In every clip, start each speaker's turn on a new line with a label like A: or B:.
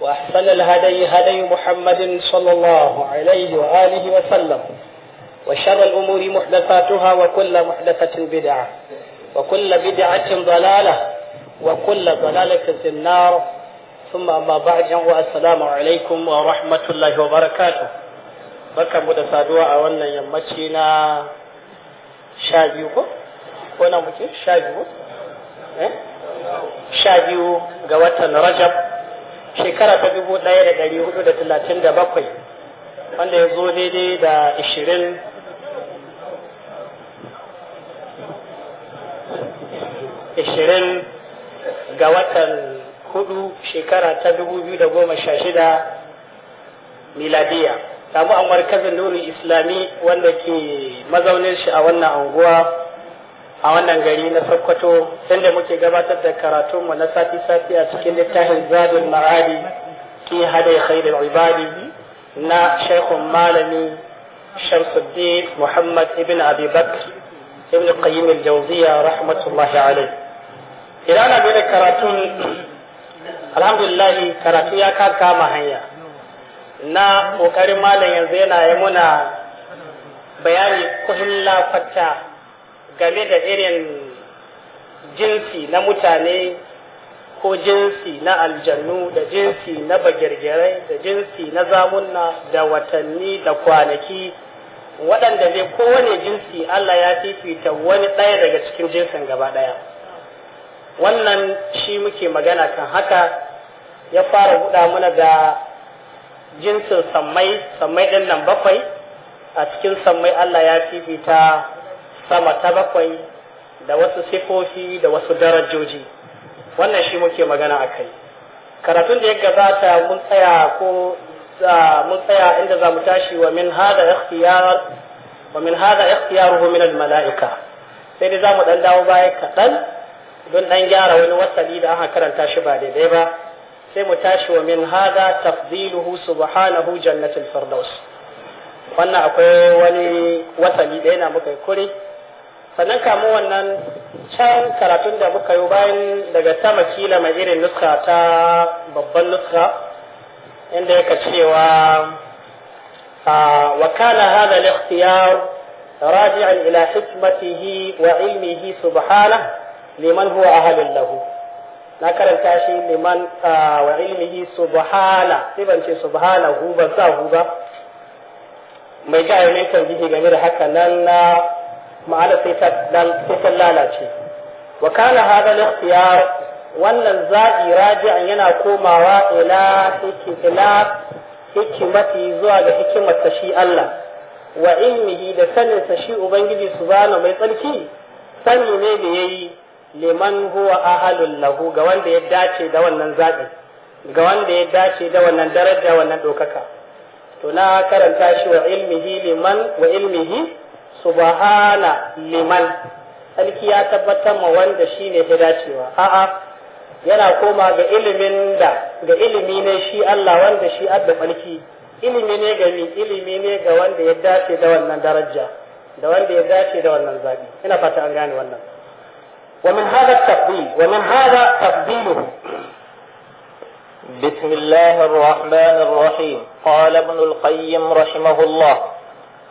A: وأحسن الهدي هدي محمد صلى الله عليه وآله وسلم وشر الأمور محدثاتها وكل محدثة بدعة وكل بدعة ضلالة وكل ضلالة في النار ثم أما بعد والسلام عليكم ورحمة الله وبركاته بكى da saduwa a wannan yammaci na sha شاديو ko? ko shekara ta dubu ɗaya da ɗari hudu da talatin da bakwai wanda ya zo daidai da ishirin ishirin ga watan hudu shekara ta dubu biyu da goma sha shida miladiya samu an markazin nuni islami wanda ke mazaunin shi a wannan anguwa a wannan gari na Sokoto inda muke gabatar da karatu mu na sati sati a cikin littafin Zadul Ma'adi fi hadai khairul ibadi na Sheikhun Malami Shamsuddin Muhammad ibn Abi Bakr ibn Qayyim al-Jawziyya rahmatullahi alayh idan ana da karatun alhamdulillah karatu ya ka kama hanya na kokarin malam yanzu yana yi muna bayani kuhin lafata game da irin jinsi na mutane ko jinsi na aljannu da jinsi na bagirgirai da jinsi na zamunna da watanni da kwanaki waɗanda dai kowane jinsi Allah ya fifita wani ɗaya daga cikin jinsin gaba ɗaya wannan shi muke magana kan haka ya fara buɗa mana da jinsin sammai sammai ɗin nan bakwai a cikin sammai Allah ya fifita sama ta bakwai da wasu sifofi da wasu darajoji wannan shi muke magana a kai karatun da ya gabata mun tsaya ko mun tsaya inda za mu tashi wa min hada ikhtiyar wa min hada ikhtiyaruhu min al mala'ika sai dai zamu dan dawo baya kaɗan don dan gyara wani wasali da aka karanta shi ba daidai ba sai mu tashi wa min hada tafdiluhu subhanahu jannatul firdaus wannan akwai wani wasali da yana muka kuri. sannan kamun wannan can karatun da muka yi bayan daga sama kila mai irin nuska ta babban nuska inda yaka cewa ah, wa kana hada al-ikhtiyar wa إلى حكمته وعلمه liman huwa a أهل lahu na karanta shi liman ah, wa ilmihi subhana sai ban ce subhana hu ban sa hu ba mai ga yayin tanbihi game da haka nan na ma'ana sai ta lalace wa kana hada al-ikhtiyar wannan za'i raji'an yana komawa ila ila hikimati zuwa ga hikimar ta shi Allah wa ilmihi da sanin sa shi ubangiji subhanahu mai tsarki sani ne da yayi liman huwa ahalul lahu ga wanda ya dace da wannan zabi ga wanda ya dace da wannan daraja wannan dokaka to na karanta shi wa ilmihi liman wa ilmihi subhana liman sarki ya tabbatar ma wanda shine ya dacewa a'a yana koma ga ilimin da ga ilimi ne shi Allah wanda shi adda sarki ilimi ne ga ni ilimi ne ga wanda ya dace da wannan daraja da wanda ya dace da wannan zabi ina fata an gane wannan
B: ومن هذا التفضيل ومن هذا تفضيله
A: بسم الله الرحمن الرحيم قال ابن القيم رحمه الله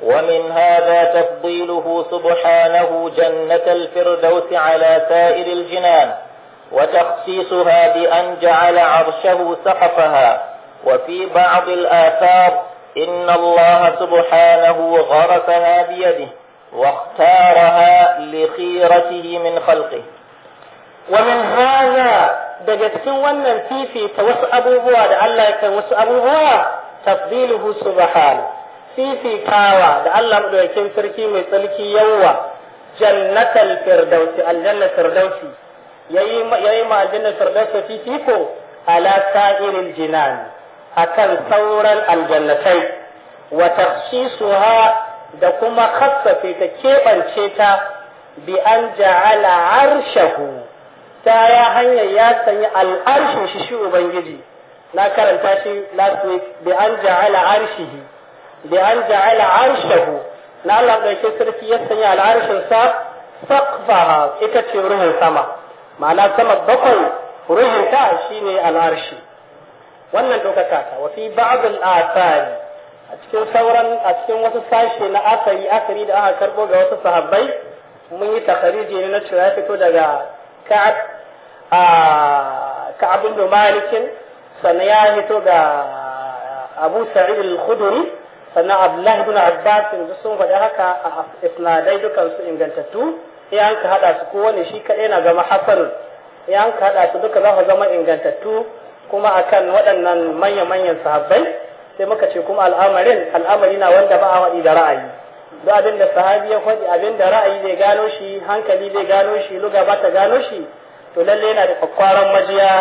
A: ومن هذا تفضيله سبحانه جنة الفردوس على سائر الجنان وتخصيصها بأن جعل عرشه سقفها وفي بعض الآثار إن الله سبحانه غرسها بيده واختارها لخيرته من خلقه ومن هذا daga cikin wannan في توسع أبو بواد Allah ya أبو بواد تفضيله سبحانه fifitawa da Allah madaukakin sarki mai tsarki yawa jannatal firdausi aljanna firdausi yayi yayi ma aljanna firdausi fifiko ala sa'iril jinan akan sauran aljannatai wa takhsisuha da kuma khassafe ta kebance ta bi an ja'ala arshahu ta ya hanyar ya sanya al'arshin shi shi ubangiji na karanta shi last week bi an ja'ala arshihi bi an ja'ala arshahu na Allah ɗauke sarki ya sanya al'arshin sa saqfaha ita ce ruhin sama ma'ana sama bakwai ruhin ta shine al'arshi wannan dokaka ta wa fi ba'd al a cikin sauran a cikin wasu sashe na asari asari da aka karbo ga wasu sahabbai mun yi takariji ne na cewa ya fito daga ka'ab a ka'abun da malikin sannan ya fito ga abu sa'id al-khudri sannan abdullahi ibn abbas yanzu sun faɗi haka a isnadai dukan su ingantattu ya an ka haɗa su kowane shi kaɗai na zama hasanun ya an ka haɗa su duka za su zama ingantattu kuma akan waɗannan manya-manyan sahabbai sai muka ce kuma al'amarin al'amari na wanda ba a waɗi da ra'ayi duk abin da sahabi ya faɗi abin da ra'ayi zai gano shi hankali zai gano shi luga ba ta gano shi to lalle yana da kwakwaran majiya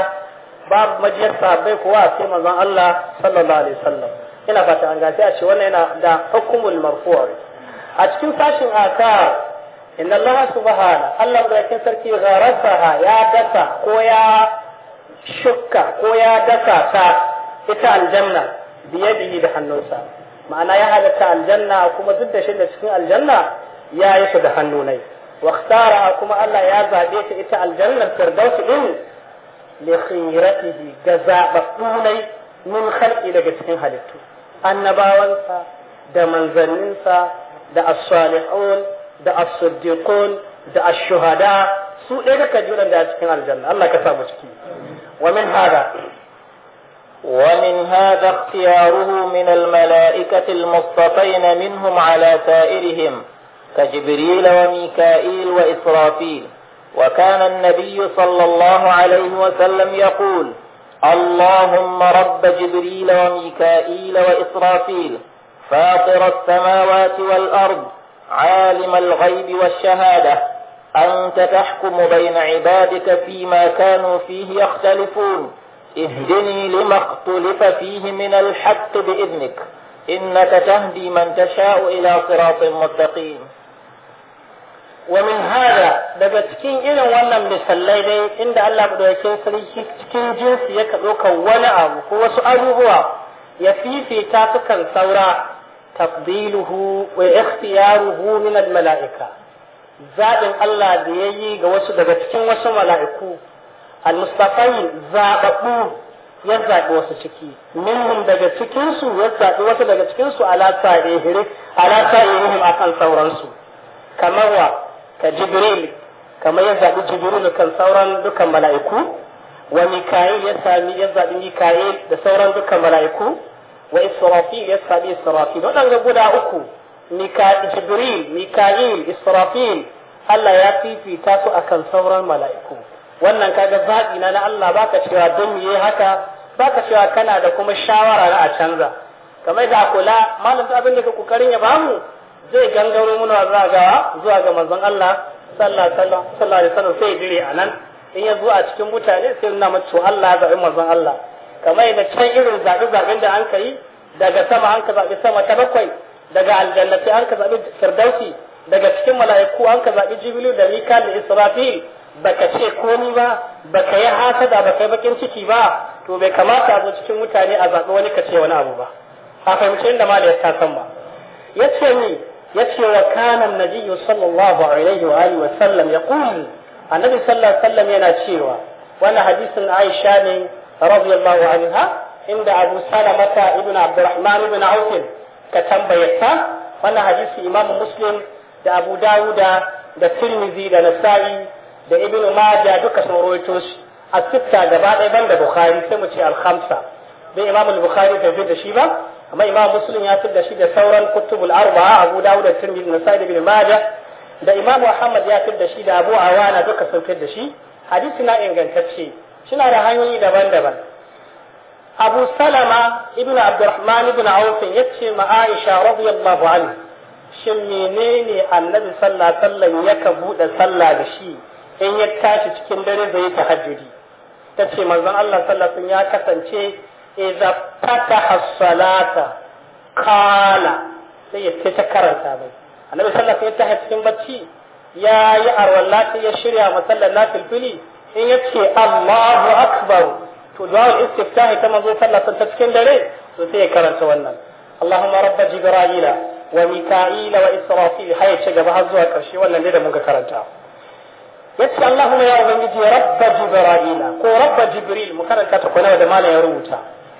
A: babu majiyar sahabbai kuwa sai manzon Allah sallallahu alaihi wasallam ina fata an gane a ce wannan yana da hukumul marfu' a cikin sashin aka inna Allah subhana Allah madaukakin sarki gharasaha ya dasa ko ya shukka ko ya dasa ta ita aljanna biyadihi da hannunsa ma'ana ya halatta aljanna kuma duk da shi da cikin aljanna ya yi su da hannu ne واختار كما الله يا زابيت إتا الجنة الفردوس إن لخيرته جزاء بطولي من خلق إلى cikin halittu. annabawansa da manzanninsa da as-salihun da as-siddiqun da ash-shuhada su ɗaya da kajuran da cikin aljanna Allah ka samu ciki wa min hada ومن هذا اختياره من الملائكة المصطفين منهم على سائرهم كجبريل وميكائيل وإسرافيل وكان النبي صلى الله عليه وسلم يقول اللهم رب جبريل وميكائيل وإسرافيل فاطر السماوات والأرض عالم الغيب والشهادة أنت تحكم بين عبادك فيما كانوا فيه يختلفون اهدني لما اختلف فيه من الحق بإذنك إنك تهدي من تشاء إلى صراط مستقيم wa min hada daga cikin irin wannan misalai dai inda Allah ake sarki cikin jinsi ya ɗaukar wani abu ko wasu abubuwa ya fifita sukan saura tafdiluhu wa ikhtiyaruhu min al-mala'ika zaɓin Allah da ya yi ga wasu daga cikin wasu mala'iku al-mustaqayin zaɓaɓɓu ya zaɓi wasu ciki minhum daga cikinsu ya zaɓi wasu daga cikinsu akan sauransu kamar wa
B: ka jibril
A: kamar ya zaɓi jibril kan sauran dukkan mala'iku wa mika'il ya sami ya zaɓi mika'il da sauran dukkan mala'iku wa israfil ya sami israfil waɗanda guda uku jibril mika'il israfil Allah ya fifita su akan sauran mala'iku wannan kaga zaɓi na na Allah baka cewa don yi haka baka cewa kana da kuma shawara na a canza kamar da kula malam abin da ka kokarin ya bamu zai gangaro muna zuwa ga zuwa ga manzon Allah sallallahu alaihi wasallam sai dire anan in ya zo a cikin mutane sai nuna mata to Allah zabi manzon Allah kamar yadda can irin zabi zabin da an kai daga sama an ka zabi sama ta bakwai daga aljannati an ka zabi firdausi daga cikin mala'iku an ka zabi jibilu da mikal da israfil baka ce komi ba baka yi hasada ba kai bakin ciki ba to bai kamata a zo cikin mutane a zabi wani ka ce wani abu ba a fahimci inda mala ya san ba ya ce ni yace wa kana annabi sallallahu alaihi wa alihi wa sallam yaqul annabi sallallahu alaihi wasallam yana cewa wannan hadisin Aisha ne radiyallahu anha inda Abu Salamata ibn Abdurrahman ibn Auf ka tambaye ta wannan hadisi Imam Muslim da Abu Dawuda da Tirmidhi da Nasa'i da Ibn Majah duka sun rawaito shi a sitta gaba ɗaya banda Bukhari sai mu ce al-khamsa dan Imam al-Bukhari da shi ba amma imam muslim ya fitar da shi da sauran kutubul arba'a abu dawud da tirmidhi da sa'id ibn majah da imam ahmad ya fitar da shi da abu awana duka sun fitar da shi hadisi na ingantacce suna da hanyoyi daban-daban abu salama ibn abdurrahman ibn auf yace ma aisha radiyallahu anha shin menene annabi sallallahu alaihi wasallam yaka bude sallah da shi in ya tashi cikin dare zai tahajjudi tace manzon Allah sallallahu alaihi wasallam ya kasance idza fataha as-salata qala sai ya ta karanta mai annabi sallallahu alaihi wasallam cikin bacci ya yi arwalla sai ya shirya masallar nafil fili in ya ce Allahu akbar to du'a istiftahi ta manzo sallallahu ta cikin dare to sai ya karanta wannan Allahumma rabba jibra'ila wa mika'ila wa israfil har gaba har zuwa karshe wannan dai da muka karanta
B: yace Allahumma ya ubangiji rabba jibra'ila ko rabba jibril mu karanta ta kwana da malam ya
A: rubuta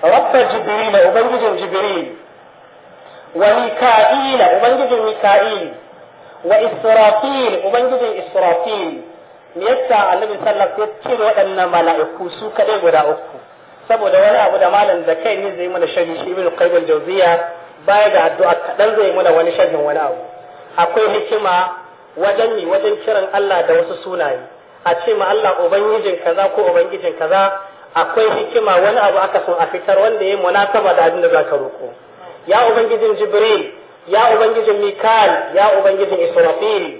A: rabba jibril ubangijin jibril ubangijin mika'il wa israfil ubangijin israfil me yasa annabi sallallahu alaihi wasallam waɗannan mala'iku su kadai guda uku saboda wani abu da malam da kai ne zai mana sharhi shi ibn qayyim al-jawziya baya ga addu'a kadan zai mana wani sharhin wani abu akwai hikima wajen mi wajen kiran Allah da wasu sunaye a ce ma Allah ubangijin kaza ko ubangijin kaza akwai hikima wani abu aka son a fitar wanda ya yi munasaba da abin da zaka roko ya ubangijin jibril ya ubangijin mikal ya ubangijin israfil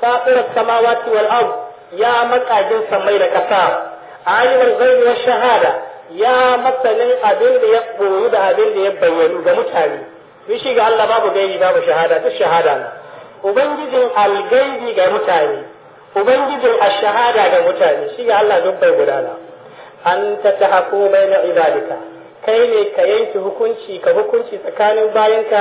A: fatir samawati wal ard ya makajin samai da ƙasa. alimul ghaibi wash shahada ya masanin abin da ya boyu da abin da ya bayyanu ga mutane shi shi ga Allah babu gaibi babu shahada duk shahada ne ubangijin algaibi ga mutane ubangijin ashahada ga mutane shi ga Allah duk bai gudana an bai na ibadika kai ne ka yanki hukunci ka hukunci tsakanin bayanka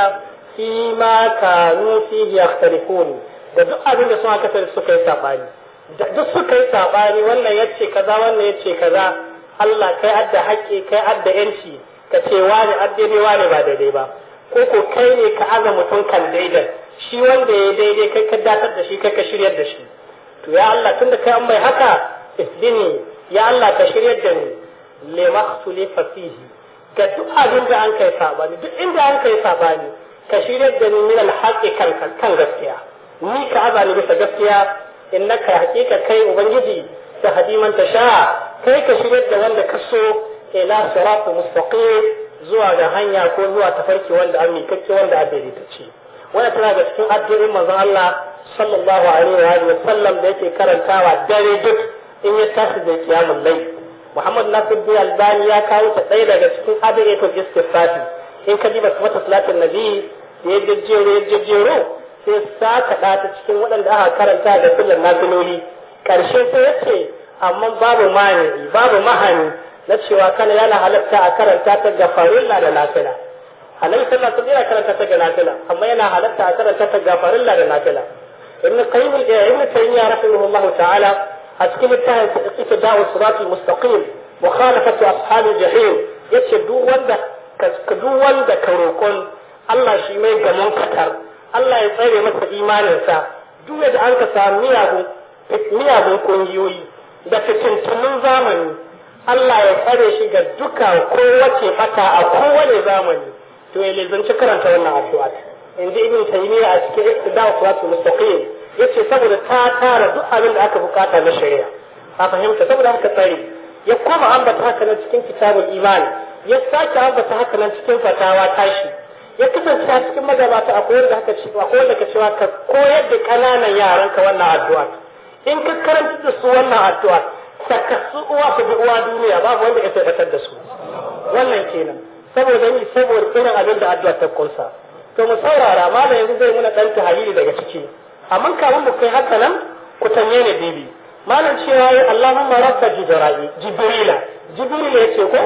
A: fi ma ka nufi ya yakhtalifun da duk abin da sun kasar suka yi saɓani da duk suka yi sabani wannan ya ce kaza wannan ya yace kaza Allah kai adda haƙƙi kai adda yanci ka ce wani addini wani ba daidai ba ko ko kai ne ka aza mutum kan daidai shi wanda ya daidai kai ka datar da shi kai ka shirya da shi to ya Allah tunda kai an mai haka isdini ya Allah ka shiryar da ni le khulifa fasihi ga duk abin da an kai sabani duk inda an kai sabani ka shiryar da ni min alhaqi kan kan gaskiya ni ka azani bisa gaskiya innaka haqiqa kai ubangiji ta hadiman ta sha kai ka shiryar da wanda ka so ila siratu mustaqim zuwa ga hanya ko zuwa tafarki wanda an mikakke wanda a daidaitacce wannan tana da cikin addu'o'in manzon Allah sallallahu alaihi wa sallam da yake karantawa dare duk in ya tashi zai kiyamun lai muhammad nasir bin albani ya kawo ta ɗaya daga cikin adaiyatul istifati in ka diba ba su mata salatin nabi da ya jejjero ya jejjero sai saka ɗa ta cikin waɗanda aka karanta da kullum nasiloli ƙarshe sai ya ce amma babu mani babu mahani na cewa kana yana halatta a karanta ta ga farilla da nafila annabi sallallahu alaihi wasallam karanta ta ga nafila amma yana halatta a karanta ta ga farilla da nafila ibn qayyim ibn taymiyyah rahimahullah ta'ala cikin littafin cikin dawo surati mustaqim mukhalafatu ashabil jahim yace duk wanda ka duk ka rokon Allah shi mai gamon Allah ya tsare masa imaninsa duk da an ka samu miyagun miyagun kungiyoyi da cikin tunun zamani Allah ya tsare shi ga duka ko wace fata a kowane zamani to yayin zan ci karanta wannan ayat in ji ibn taymiya a cikin dawo surati mustaqim yace saboda ta tara duk abin da aka bukata na shari'a a fahimta saboda haka tsari ya koma ambata haka nan cikin kitabul imani ya sake ambata haka nan cikin fatawa tashi ya kasance a cikin magabata koyar da haka a koyar wanda ka cewa ka koyar da kananan yaran ka wannan addu'a in ka karanta da su wannan addu'a saka su uwa su bi uwa duniya babu wanda ya tabbatar da su wannan kenan saboda ni saboda irin abin da addu'a ta kunsa to mu saurara malam yanzu zai muna dan tahalili daga ciki amma kafin mu kai haka nan ku tanye ne bibi malam cewa ya Allahumma rabba jibril jibrila jibril ce ko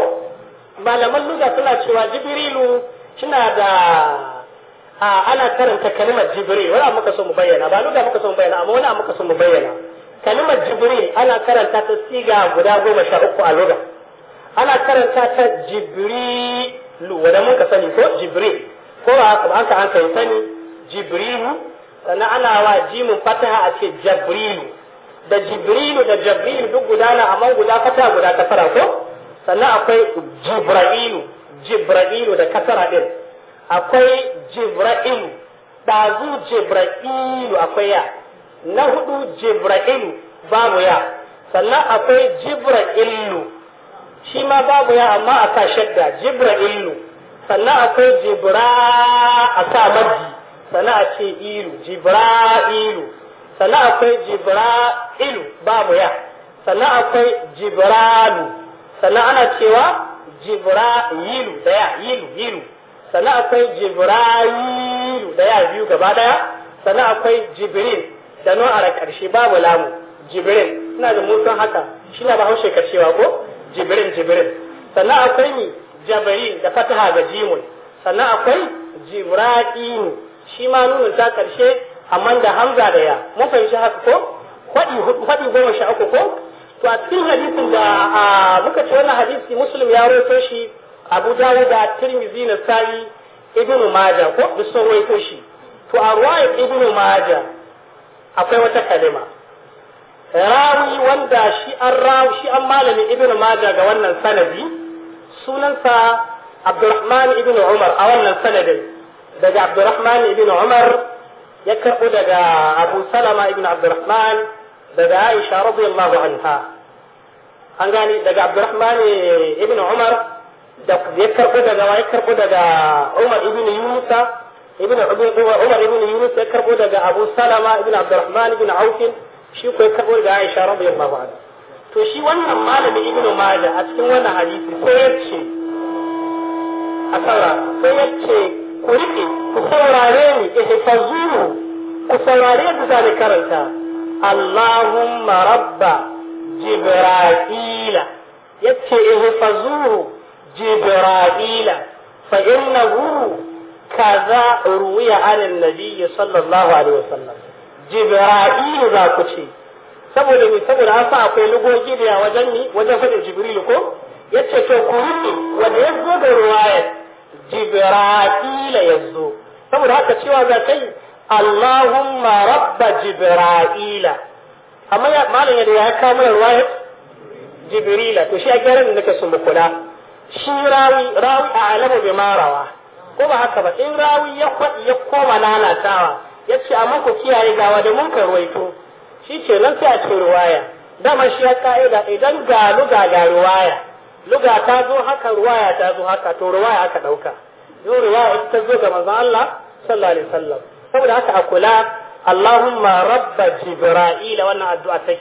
A: malaman lugha suna cewa jibrilu kina da a ana karanta kalmar jibril wala muka so mu bayyana ba lugha muka so mu bayyana amma wala muka so mu bayyana kalmar jibril ana karanta ta siga guda goma sha uku a lugha ana karanta ta jibrilu wanda muka sani ko jibril ko ba haka ba an ka an sani jibrilu sannan ana wa jimin fataha a ce jabrilu da jibrilu da jabrilu duk gudana amma guda fataha guda kasara ko sannan akwai jibra'ilu jibra'ilu da kasara din akwai jibra'ilu ɗazu jibra'ilu akwai ya na hudu jibra'ilu babu ya sannan akwai jibra'ilu shi ma babu ya amma a sa shadda jibra'ilu sannan akwai jibra a sa maddi sana a ce ilu jibra'ilu sana akwai jibra'ilu babu ya sana akwai jibralu sana ana cewa jibra'ilu da ya ilu ilu sana akwai jibra'ilu da ya biyu gaba daya sana akwai jibril da nun a ƙarshe babu lamu jibril ina da mutum haka shi na bahaushe ka cewa ko jibril jibril sana akwai ni jabari da fataha ga jimun sana akwai jibra'ilu shi ma nunun ta karshe amma da hamza da ya mun fahimci haka ko faɗi faɗi goma sha uku ko to a cikin hadisin da muka ce wannan hadisi muslim ya roto shi abu dawud da tirmizi na sa'i ibn majah ko duk wai ko shi to a ruwayar ibn majah akwai wata kalima rawi wanda shi an rawi shi an malami ibn majah ga wannan sanadi sunansa abdurrahman ibn umar a wannan sanadin daga Abdurrahman ibn Umar ya karbo daga Abu Salama ibn Abdurrahman daga Aisha radiyallahu anha an gani daga Abdurrahman ibn Umar da ya karbo daga ya karbo daga Umar ibn Yunus ibn Umar ibn Yunus ya karbo daga Abu Salama ibn Abdurrahman ibn Auf shi ko ya karbo daga Aisha radiyallahu anha to shi wannan malami ibn Majah a cikin wannan hadisi ko yace a saura ko yace ku riƙe ku saurare ni ihfazuhu ku saurare da zani karanta Allahumma rabba jibra'ila yace ihfazuhu jibra'ila fa innahu kaza ruwiya anin nabiyyi sallallahu alaihi wasallam jibra'il za ku ce saboda ni saboda an sa akwai lugogi da wajen ni wajen fadin jibril ko yace to ku riƙe wanda ya zo da ruwayar jibra'ila zo saboda haka cewa za kai Allahumma rabba jibra'ila amma ya malam ya ya kawo mana ruwa jibrila to shi a gyaran da nake so kula shi rawi rawi a alamu bai marawa ko ba haka ba in rawi ya ya koma lalatawa ya ce amma ku kiyaye gawa da mun ruwaito shi ce nan sai a ce ruwaya dama shi ya ka'ida idan ga luga ga ruwaya luga ta zo haka ruwaya ta zo haka to ruwaya aka ɗauka يوري واحد تزوج مع الله صلى الله عليه وسلم فمن أكل اللهم رب جبرائيل وانا أدعتك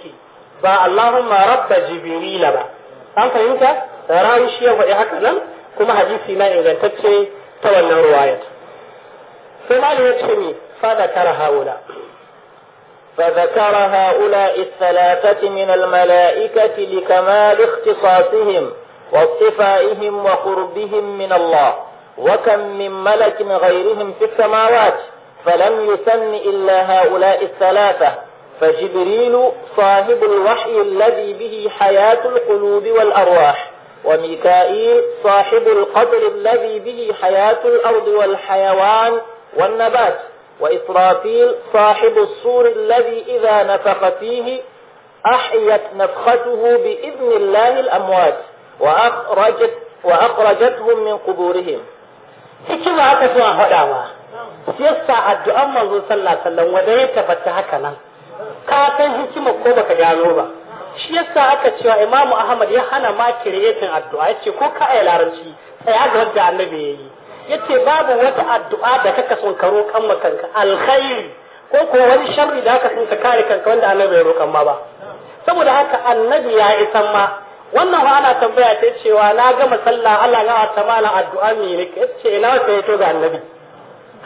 A: با اللهم رب جبريل با هم فهمت رأي شيء وإيه كلام نعم. كما حديث ما إذا تكفي تولى الرواية ثم لي فذكر هؤلاء فذكر هؤلاء الثلاثة من الملائكة لكمال اختصاصهم واصطفائهم وقربهم من الله وكم من ملك غيرهم في السماوات فلم يسن إلا هؤلاء الثلاثة فجبريل صاحب الوحي الذي به حياة القلوب والأرواح وميكائيل صاحب القدر الذي به حياة الأرض والحيوان والنبات وإسرافيل صاحب الصور الذي إذا نفخ فيه أحيت نفخته بإذن الله الأموات وأخرجت وأخرجتهم من قبورهم hikima haka suna faɗa ma shi yasa addu'an manzo sallallahu alaihi wasallam wanda ya tabbata haka nan ka san hikima ko baka gano ba shi yasa aka cewa Imam Ahmad ya hana ma kiretin addu'a yace ko ka laranci larabci tsaya ga wanda annabi yayi yace babu wata addu'a da kaka son karo kan makanka alkhairi ko ko wani sharri da aka son ka kare kanka wanda annabi ya roƙan ma ba saboda haka annabi ya isan ma wannan fa ana tambaya ta cewa na gama sallah Allah ya ta mala addu'a mi ne ce ina ka yato ga annabi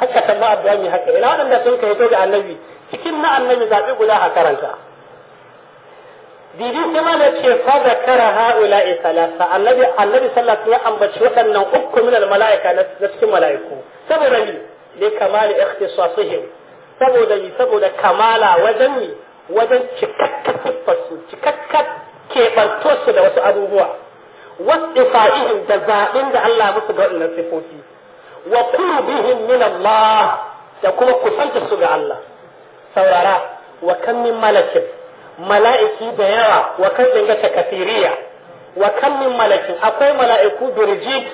A: haka tambaya addu'a mi haka ina wadanda sun ka yato ga annabi cikin na annabi zabi guda a karanta didi sai ma ce fa zakara haula salasa annabi annabi sallallahu alaihi wasallam ambaci waɗannan uku min al malaika na cikin malaiku saboda ni ne kamali ikhtisasihim saboda ni saboda kamala wajen ni wajen cikakka siffarsu cikakka keɓantosu da wasu abubuwa wasifa'ihim da zaɓin da Allah musu ga waɗannan sifofi wa qurbihim min Allah da kuma kusanta su ga Allah saurara wa kan min malakin mala'iki da yawa wa kan dinga kafiriya wa kan min malakin akwai mala'iku birjik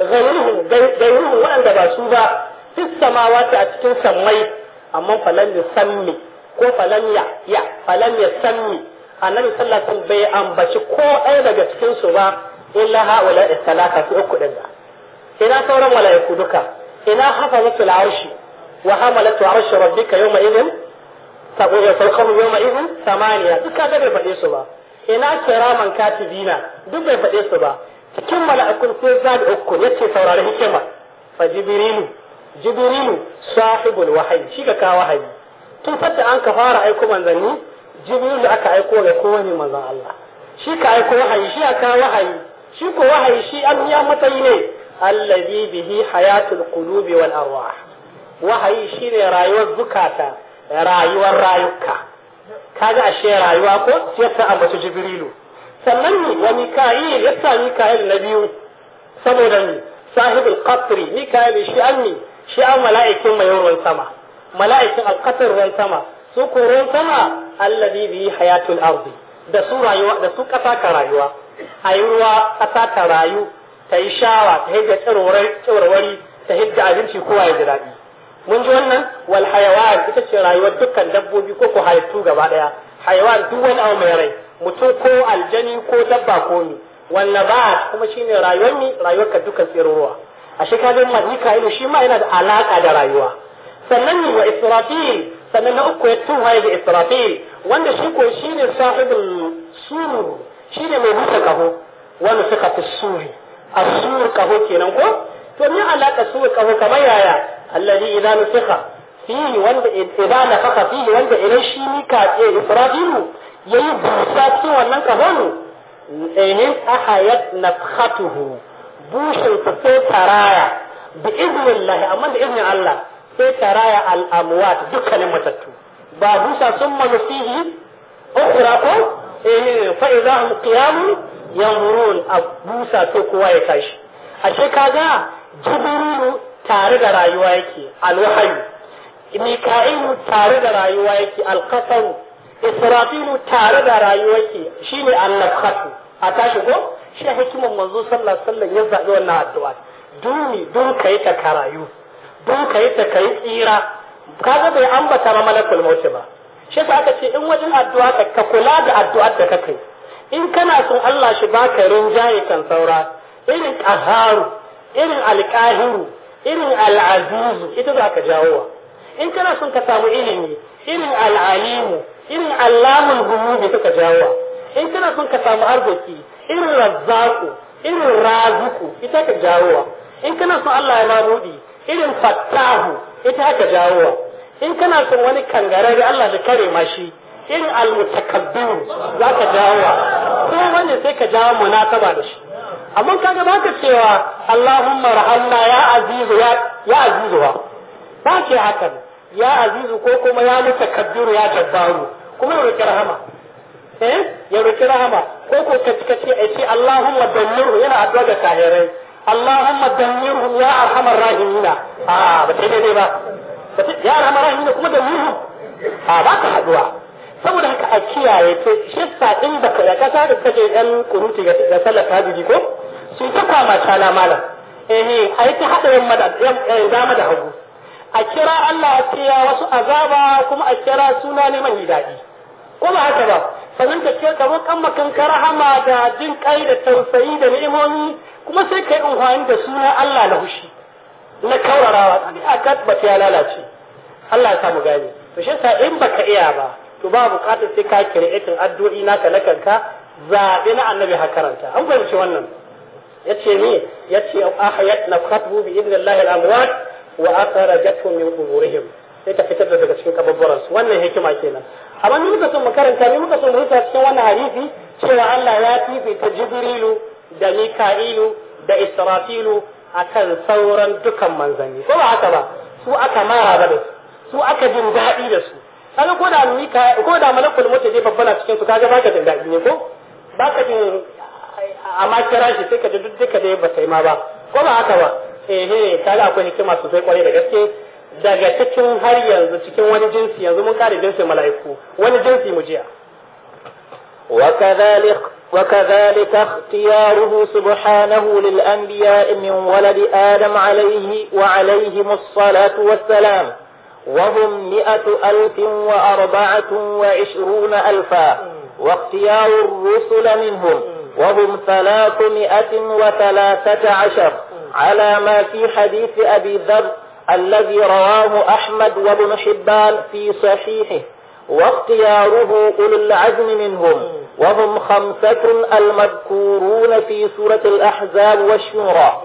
A: ghayruhum ghayruhum waɗanda ba su ba fi samawati a cikin sammai amma falan yusammi ko falan ya ya falan annabi sallallahu alaihi bai ambaci ko ɗaya daga cikin su ba illa haula istalaka su uku din da ina sauran malaiku duka ina hafazatul arshi wa hamalatu arshi rabbika yawma idin sabo ya yawma idin samaniya duka da bai faɗe su ba ina kiraman katibina duk bai faɗe su ba cikin mala'ikun sai zabi uku yake saurari hikima fa jibrilu jibrilu sahibul wahyi shi ka kawo wahayi tun fatta an ka fara aiko manzanni jibrilu aka aiko da kowane manzon Allah shi ka aiko wahayi shi aka wahayi shi ko wahayi shi an ya matsayi ne allazi bihi hayatul qulubi wal arwah wahayi shine rayuwar zukata rayuwar rayuka kaga ashe rayuwa ko sai ta ambaci jibrilu sannan ni wa mika'il yasa mika'il na biyu saboda ni sahibul qatri mika'il shi an ni shi an mala'ikin mai ruwan sama mala'ikin alqatr ruwan sama su koron sama allazi bihi hayatul ardi da su rayuwa da su kasa ka rayuwa ayi ruwa kasa ta rayu ta yi shawa ta hidda tsirrai ta hidda abinci kowa ya ji daɗi mun ji wannan wal hayawan ita ce rayuwar dukkan dabbobi ko ko halittu gaba daya hayawan duk wani abu mai rai mutum ko aljani ko dabba ko ni wanne ba kuma shine rayuwar ni rayuwar ka dukkan tsiruruwa a shi kaga shi ma yana da alaka da rayuwa sannan ni wa Israfil sannan na uku ya tuhaye da israfil wanda shi ko shi ne sahibin suru shi ne mai busa kaho wanda suka fi suri a suru kaho kenan ko to ni alaka suru kaho kamar yaya allazi idan nusika fihi wanda idan nafaka fihi wanda idan shi ni ka ce eh, israfilu yayi busa cikin wannan kahon ehin ahayat nafkhatuhu bushin ta sai taraya bi iznillahi amma da iznin Allah sai ta raya al'amuwat dukkanin matattu ba busa sun manufihi ukura ko eh za mu hum yan yanzurun a busa to kowa ya tashi ashe kaga jibrilu tare da rayuwa yake alwahayu mika'ilu tare da rayuwa yake alqasaru israfilu tare da rayuwa yake ne annabkatu a tashi ko shi hikiman manzo sallallahu sallar ya zabi wannan addu'a duni dun kai ta karayu don ka yi ta ka yi tsira kaga bai ambata ma malakul mauti ba shi yasa aka ce in wajen addu'a ka ka kula da addu'ar da kai in kana son Allah shi baka rinjaye kan saura irin qaharu irin alqahiru irin al'azizu ita za ka jawowa in kana son ka samu ilimi irin al'alimu irin allamul gumubi suka jawowa in kana son ka samu arziki irin razzaku irin razuku ita ka jawowa in kana son Allah ya ma buɗi irin fattahu ita aka jawo in kana son wani kangarare Allah da kare ma shi irin almutakabbir za ka jawo ko wani sai ka jawo munasaba da shi amma kaga baka cewa Allahumma rahamna ya azizu ya ya azizu ba ke haka ya azizu ko kuma ya mutakabbiru ya jabbaru kuma ya rike rahama eh ya rike rahama ko ko ka kace ai ce Allahumma dammurhu yana addu'a ga tahirai. Allahumma damirhu ya arhamar rahimina a ba sai daidai ba ya arhamar rahimina kuma damirhu a ba ka saboda haka a kiyaye to shi sa da baka ya kasa da kaje dan kuruti ga sallar tahajjudi ko su ta kwama tana malam eh a yi ta hada yamma da eh, dama da hagu a kira Allah a ya wasu azaba kuma a kira suna neman hidadi ko ba haka ba sannan ka ce ka roƙan makanka rahama da jin kai da tausayi da ni'imomi kuma sai ka yi unhwani da suna Allah na hushi na kaurarawa a tabbata ya lalace Allah ya samu gani to shi sa in baka iya ba to ba bukatar sai ka kiretin addu'o'i naka na kanka zaɓe na annabi ha karanta an fahimci wannan yace ne yace ahayat na khatbu bi idnillahi al-amwat wa akhrajatuhum min quburihim sai ka fitar da daga cikin kababbaran su wannan hikima kenan amma ni muka son mu karanta ni muka son mu rubuta cikin wannan hadisi cewa Allah ya ta jibrilu da mika'ilu da israfilu akan sauran dukan manzanni ko ba haka ba su aka mara ba da su su aka jin daɗi da su kaga ko da mika ko da malakul mota je babbana cikin su kaga baka jin daɗi ne ko baka jin amma kira shi sai ka ji duk duka da ba sai ma ba ko ba haka ba eh eh kaga akwai hikima sosai kwarai da gaske daga cikin har yanzu cikin wani jinsi yanzu mun kare jinsin mala'iku wani jinsi mu jiya وكذلك وكذلك اختياره سبحانه للأنبياء من ولد آدم عليه وعليهم الصلاة والسلام وهم مئة ألف وأربعة وعشرون ألفا واختيار الرسل منهم وهم ثلاثمائة وثلاثة عشر على ما في حديث أبي ذر الذي رواه أحمد وابن حبان في صحيحه واختياره أولي العزم منهم وهم خمسة المذكورون في سورة الأحزاب والشورى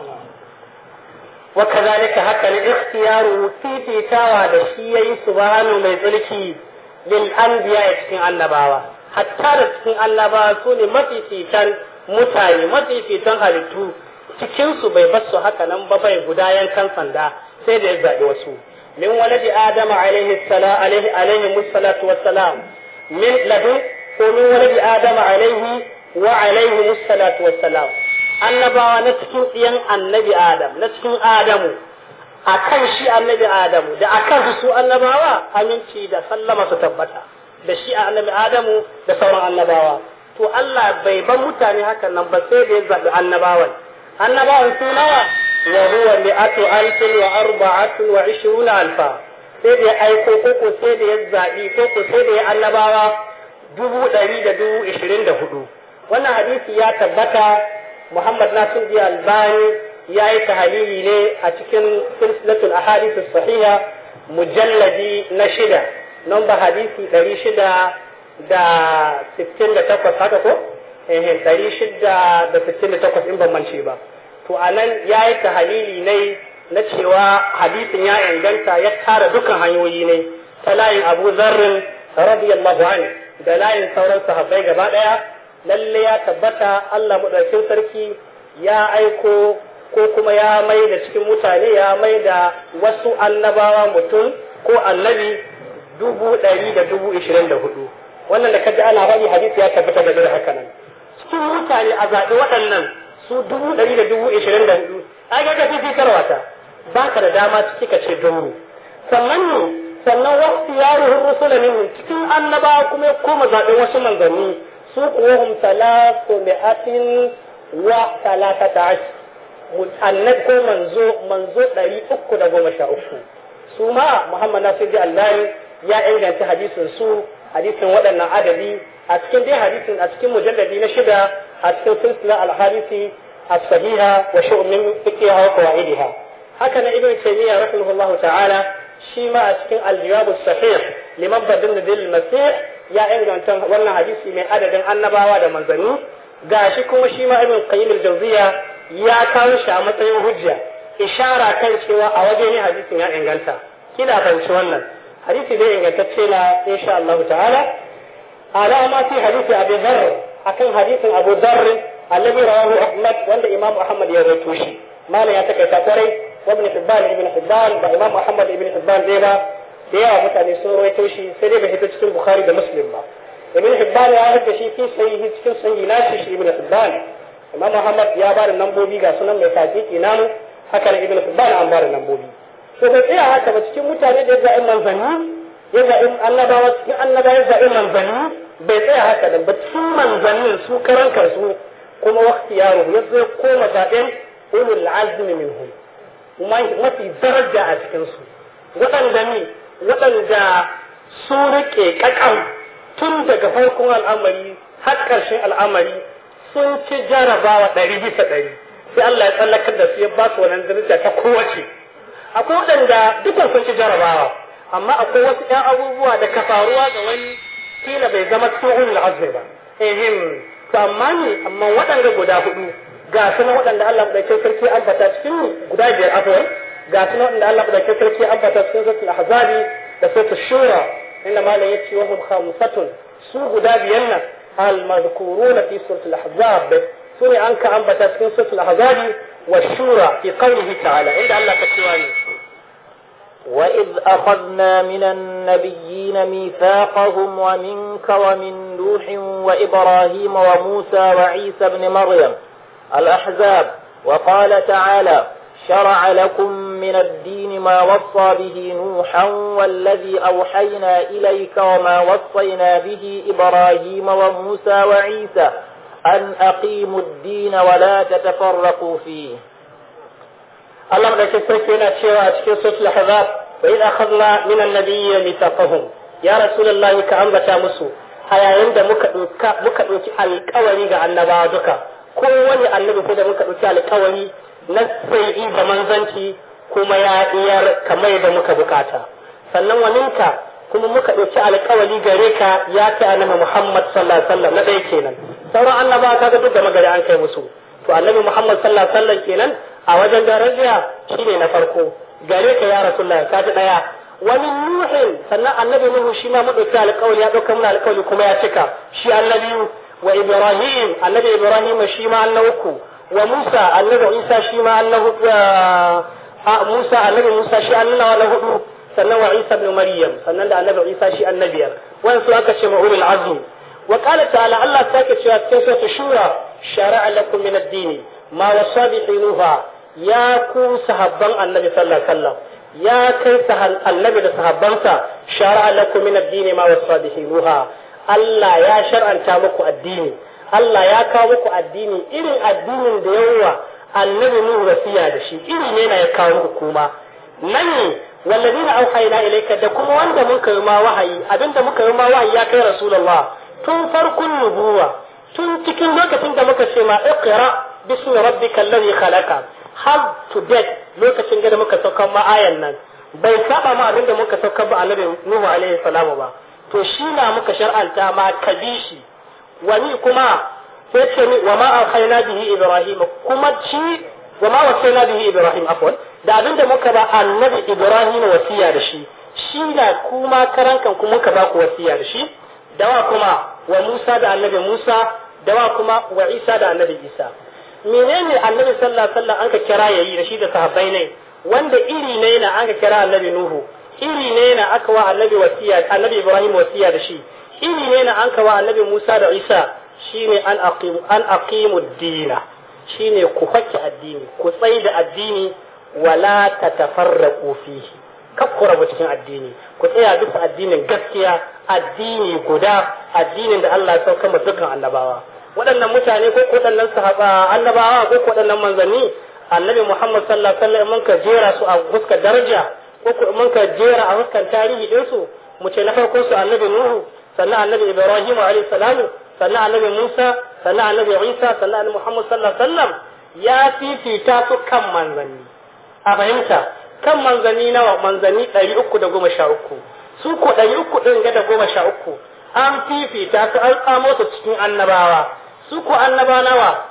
B: وكذلك حتى الاختيار
A: في تاوى لشيء سبحانه لذلك للأنبياء في النباوة حتى في النباوة سوني ما في تيتان متاني ما في تيتان هالتو تكيوسو بيبسو حتى نمبابا يهدايا كان فندا سيد عزائي وسوه min waladi adama alaihi salam alaihi alaihi musallatu wassalam min ladun ko min waladi adama alaihi wa alaihi musallatu wassalam annabawa na cikin ɗiyan annabi adam na cikin adamu akan shi annabi adamu da akan su annabawa aminci da sallama su tabbata da shi annabi adamu da sauran annabawa to Allah bai bar mutane hakan nan ba sai da ya zaɓi annabawan annabawan su nawa وهو مئة ألف وأربعة وعشرون ألفا sai da ya aiko koko sai da zaɓi koko sai da ya annabawa dubu ɗari da dubu ishirin da hudu wannan hadisi ya tabbata muhammad nasir biya albani ya yi tahalili ne a cikin silsilatul ahadithu sahiha mujalladi na shida nomba hadisi ɗari shida da sittin da takwas haka ko? ɗari shida da sittin da takwas in ban mance ba. to anan ya yi tahalili ne na cewa hadisin ya inganta ya tara dukan hanyoyi ne ta layin abu zarrin radiyallahu anhu da layin sauran sahabbai gaba daya lalle ya tabbata Allah madaukakin sarki ya aiko ko kuma ya mai da cikin mutane ya mai da wasu annabawa mutum ko annabi dubu ɗari da dubu ishirin da hudu wannan da kaji ana faɗi hadisi ya tabbata da haka nan cikin mutane a zaɓi waɗannan su dubu ɗari da dubu ishirin da hudu ai ga kafi fitarwa ta ba ka da dama kika ce mu sannan ne sannan wasu yaruhun rusula ne cikin annabawa kuma ya koma zaɓen wasu manzanni su kuwa hum mai mi'atin wa talatata ashi annabi ko manzo manzo ɗari uku da goma sha uku su ma muhammad nasir ji allani ya inganta hadisin su hadisin waɗannan adadi a cikin dai hadisin a cikin mujalladi na shida a cikin silsila al a as-sahiha wa shu'um min wa qawaidiha haka na ibn taymiya rahimahullahu ta'ala shi ma a cikin al-jawab as-sahih liman da bil masih ya inganta wannan hadisi mai adadin annabawa da manzanni gashi kuma shi ma ibn qayyim al-jawziya ya kawo shi a matsayin hujja ishara kan cewa a waje ne hadisin ya inganta kina fahimci wannan hadisi dai ingantacce na insha Allah ta'ala alama fi hadisi abi dharr akan hadisin Abu Dharr alladhi rawahu Ahmad wanda Imam Ahmad ya rawaito shi malam ya takaita kwarai kware Ibn Hibban Ibn Hibban ba Imam Ahmad Ibn Hibban dai ba da yawa mutane sun rawaito shi sai dai ba hito cikin Bukhari da Muslim ba Ibn Hibban ya hadda shi fi sahihi cikin sahihi na shi Ibn Hibban Imam Ahmad ya bada lambobi ga sunan mai tafiƙi nanu haka Ibn Hibban an bada lambobi to bai tsaya haka ba cikin mutane da ya ga manzan ya zaɓi annabawa cikin annaba ya manzanni bai tsaya haka nan ba cikin manzannin su karan karsu kuma wakti ruhu ya zai koma zaɓen ulul azmi minhum mafi daraja a cikin su waɗanda ne waɗanda sun rike kakan tun daga farkon al'amari har ƙarshen al'amari sun ci jarabawa ɗari bisa ɗari sai Allah ya tsallakar da su ya ba su wannan daraja ta kowace akwai waɗanda dukkan sun ci jarabawa amma akwai wasu ɗan abubuwa da ka faruwa ga wani kila bai zama tuhun al'azzi ba ehem to amma ni amma waɗanda guda hudu ga su na waɗanda Allah madaukakin sarki ambata cikin guda biyar afwan ga su na waɗanda Allah madaukakin sarki ambata cikin suratul ahzabi da suratul shura inda malam yace wa hum khamsatun su guda biyar nan al mazkuruna fi suratul ahzab ne an ka ambata cikin suratul ahzabi wa shura fi qawlihi ta'ala inda Allah ka cewa ne وإذ أخذنا من النبيين ميثاقهم ومنك ومن نوح وإبراهيم وموسى وعيسى بن مريم الأحزاب وقال تعالى شرع لكم من الدين ما وصى به نوحا والذي أوحينا إليك وما وصينا به إبراهيم وموسى وعيسى أن أقيموا الدين ولا تتفرقوا فيه Allah da ke sarki yana cewa a cikin suratul ahzab wa idh akhadna min an-nabiyyi mithaqahum ya rasulullahi ka ambata musu a yayin da muka dauka muka alƙawari ga annabawa duka kowane annabi ko da muka dauki alƙawari na sai da manzanci kuma ya iyar kamar da muka bukata sannan waninka kuma muka ɗauki alƙawari gare ka ya ce annabi Muhammad sallallahu alaihi wasallam na ɗaya kenan sauran annaba kaga duk da magari an kai musu to annabi Muhammad sallallahu alaihi wasallam kenan a wajen shi ne na farko gare ka ya rasulullah ka ji daya wani nuhin sannan annabi nuhu shi ma mudauki alƙawari ya ɗauka mana alƙawari kuma ya cika shi annabi wa ibrahim annabi ibrahim shi ma Allah uku wa musa annabi isa shi ma Allah a musa annabi musa shi an na hudu sannan wa isa ibn maryam sannan da annabi isa shi an annabiyar wannan su aka ce ma'ulul azmi wa qala ta'ala Allah sake cewa cikin sura shura shara'a lakum min ad-din ma wasa bi ya ku sahabban annabi sallallahu ya kai annabi da sahabbansa shar'a lakum min ad-dini ma wasa ruha Allah ya shar'anta muku addini Allah ya kawo muku addini irin addinin da yawa annabi nuhu rasiya da shi irin ne na ya kawo muku kuma nan walladina auhayna ilayka da kuma wanda muka yi ma wahayi abinda muka yi ma wahayi ya kai rasulullah tun farkon nubuwa tun cikin lokacin da muka ce ma iqra bismi rabbikal ladhi khalaqa har to date lokacin gada muka saukan ma ayan nan bai saba ma abinda muka saukan ba a annabi Nuhu alaihi salamu ba to shi na muka shar'anta ma kabishi wani kuma sai ce ni wa ma na bihi ibrahim kuma ci wa ma wasaina bihi ibrahim afwan da abinda muka ba annabi ibrahim wasiya da shi shi na kuma karankan kuma muka ba ku wasiya da shi dawa kuma wa Musa da annabi Musa dawa kuma wa Isa da annabi Isa menene annabi sallallahu alaihi wasallam anka kira yayi da shi da sahabbai ne wanda iri ne na anka kira annabi nuhu iri ne na aka wa annabi wasiya annabi ibrahim wasiya da shi iri ne na anka wa annabi musa da isa shine an aqim an aqimu dina shine ku fakki addini ku tsayi da addini wala tatafarraqu fihi kakkura ba cikin addini ku tsaya duka addinin gaskiya addini guda addinin da Allah ya sauka ma dukkan annabawa waɗannan mutane ko waɗannan sahaba annabawa ko waɗannan manzanni annabi Muhammad sallallahu alaihi wasallam mun ka jera su a fuskar daraja ko mun ka jera a fuskar tarihi din su mu ce na farkon su annabi Nuhu sannan annabi Ibrahim alaihi salam sannan annabi Musa sannan annabi Isa sannan annabi Muhammad sallallahu alaihi wasallam ya fifita su kan manzanni a fahimta kan manzanni nawa manzanni 313 su ko uku ɗin ga da 13 an fifita su an tsamo su cikin annabawa su ku annaba nawa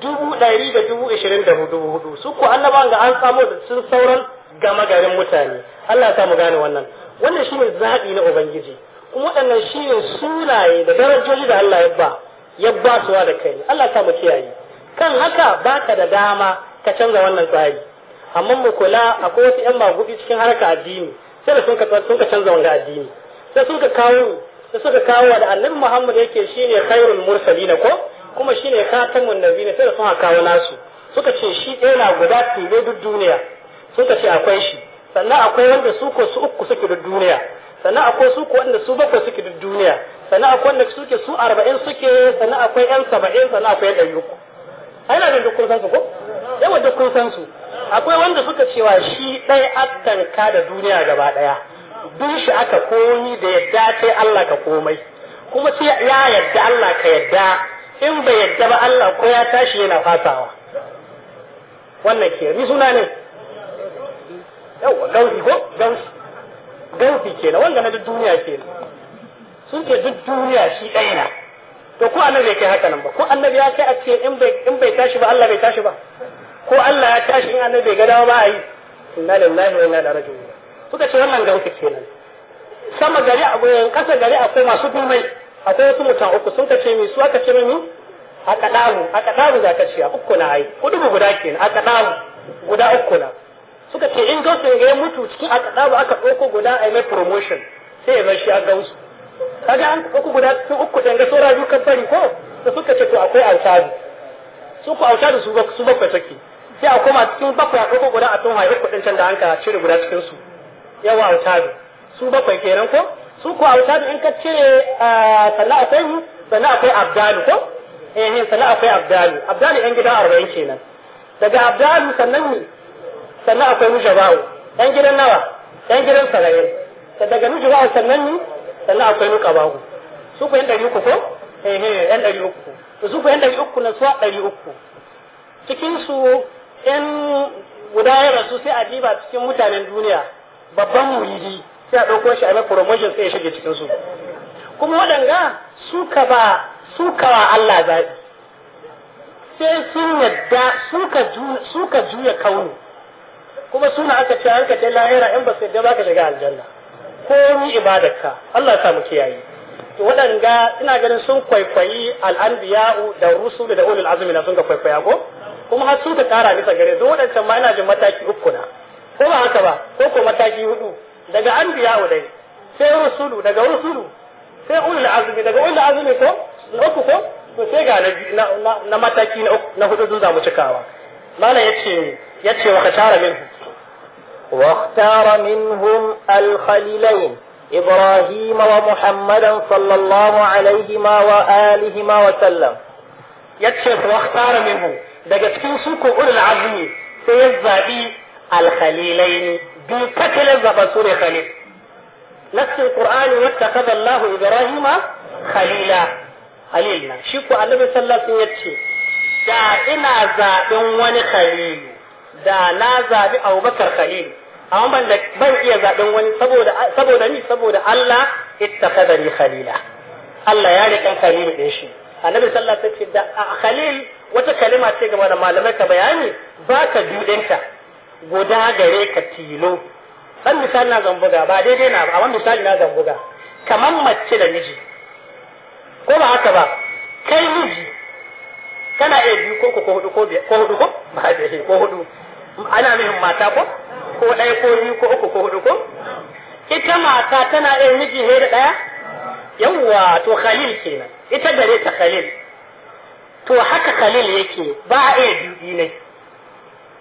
A: dubu ɗari da dubu ishirin da hudu hudu su ku annaba ga an samu da sun sauran gama garin mutane Allah ta mu gane wannan wannan shine zaɓi na ubangiji kuma waɗannan shine sunaye da darajoji da Allah ya ba ya ba su da kai Allah ta mu kiyaye kan haka baka da dama ka canza wannan tsari amma mu kula akwai wasu ƴan magudi cikin harka addini sai da sun ka canza wanga addini sai sun ka kawo da suka kawo da annabi Muhammad yake shine khairul mursalin ko kuma shine khatamun nabiyina sai da suka kawo nasu suka ce shi ɗaya na guda tilo duk duniya suka ce akwai shi sannan akwai wanda su ko su uku suke duk duniya sannan akwai su ko wanda su bakwai suke duk duniya sannan akwai wanda suke su arba'in suke sannan akwai yan saba'in sannan akwai ɗari uku ai na duk kun san su ko yawa duk kun san su akwai wanda suka cewa shi ɗaya attanka da duniya gaba ɗaya duk shi aka komi da yadda sai Allah ka komai kuma sai ya yadda Allah ka yadda
B: in bai yadda ba Allah ko ya tashi yana fasawa
A: wannan ke ni suna ne
B: yawa gausi ko
A: gausi ke na wanda na duk duniya ke sun ce duk duniya shi ɗaya na to ko annabi bai kai haka nan ba ko annabi ya kai a ce in bai tashi ba Allah bai tashi ba ko Allah ya tashi in annabi bai ga dawa ba a yi inna lillahi wa inna ilaihi suka ce wannan gauta kenan
B: sama gari a
A: goyon kasa gari akwai masu a akwai wasu mutum uku sun kace mi su aka ce mini a damu a damu za ka ce uku na ai kudu guda kenan a damu guda uku na suka ce in gausa ya mutu cikin a damu aka ɗauko guda a mai promotion sai ya bar shi a gausu kaga an uku guda su uku danga so biyu kan bari ko da suka ce to akwai autadu su ku autadu su bakwai take sai a koma cikin bakwai a ɗauko guda a tun hayi uku ɗin can da an ka cire guda cikin su yawa autadu su bakwai kenan ko su ko autadu in ka cire ah, sannan akwai mu sannan akwai abdalu ko eh, eh sannan akwai abdalu abdalu yan gida arba'in kenan daga abdalu sannan ne sannan akwai nujaba'u yan gidan nawa yan gidan sarari daga nujaba'u sannan ne sannan akwai nuqaba'u su ko yan ɗari uku ko eh, eh yan ɗari uku to su ko yan ɗari uku na a ɗari uku cikin su yan guda yara rasu sai a diba cikin mutanen duniya babban muridi sai a ɗauko shi a mai promotion sai ya shige cikin su kuma waɗanga suka ba suka wa Allah zaɓi sai sun yadda suka juya kauni kuma suna aka ce an ce lahira in ba su yadda ba ka shiga aljanna ko ni ibadarka Allah ya samu kiyaye to waɗanga ina ganin sun kwaikwayi al'anbiya'u da rusul da ulul azmi na sun ka kwaikwaya ko kuma har sun ka kara bisa gare don waɗancan ma ina jin mataki uku na ko ba haka ba ko ko mataki hudu daga anbiya dai sai rusulu daga rusulu sai ulul azumi daga ulul azumi ko na uku ko to sai ga na na mataki na na hudu dun za mu cikawa malam yace yace wa katara minhu واختار منهم الخليلين إبراهيم ومحمدا صلى الله عليهما وآلهما وسلم يكشف واختار منهم دقت كنسوك أولي العزم سيزابي الخليلين بكتل الزبسون خليل نفس القرآن واتخذ الله إبراهيم خليلا خليلنا شكو النبي صلى الله عليه وسلم da إنا زابن وني خليل دا نا زابي أو بكر خليل amma ban ban iya zaben wani saboda saboda ni saboda Allah ittakadani khalila Allah ya rikan khalil din shi annabi sallallahu alaihi wasallam da khalil wata kalima ce game da malamai ka bayani ka duɗinta. guda gare ka tilo ɗan misali na zambuga ba daidai na ba wani misali na zambuga kamar mace da miji ko ba haka ba kai miji kana iya biyu ko ko hudu ko ko hudu ko ba daidai ko hudu ana mihin mata ko ko ɗaya ko biyu ko uku ko hudu ko ita mata tana iya miji hera ɗaya yawwa to khalil kenan ita gare ta khalil to haka khalil yake ba a iya biyu ne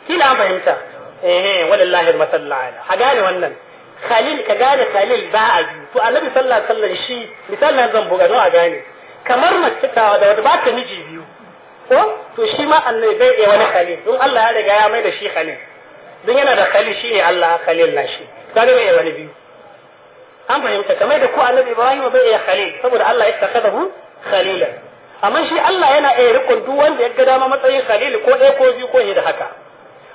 A: kila fahimta eh walillahi al-masal ha gane wannan khalil ka gane khalil ba a biyu to annabi sallallahu alaihi wasallam shi misalin zan buga don a gane kamar mace ta da wata ba ta miji biyu ko to shi ma annabi bai iya wani khalil don Allah ya riga ya mai da shi khalil don yana da khalil shine Allah khalil na shi kaga bai iya wani biyu an fahimta kamar da ku annabi Ibrahim bai iya khalil saboda Allah ya takadahu khalilan amma shi Allah yana iya rikon duk wanda ya ga dama matsayin khalil ko ɗaya ko biyu ko da haka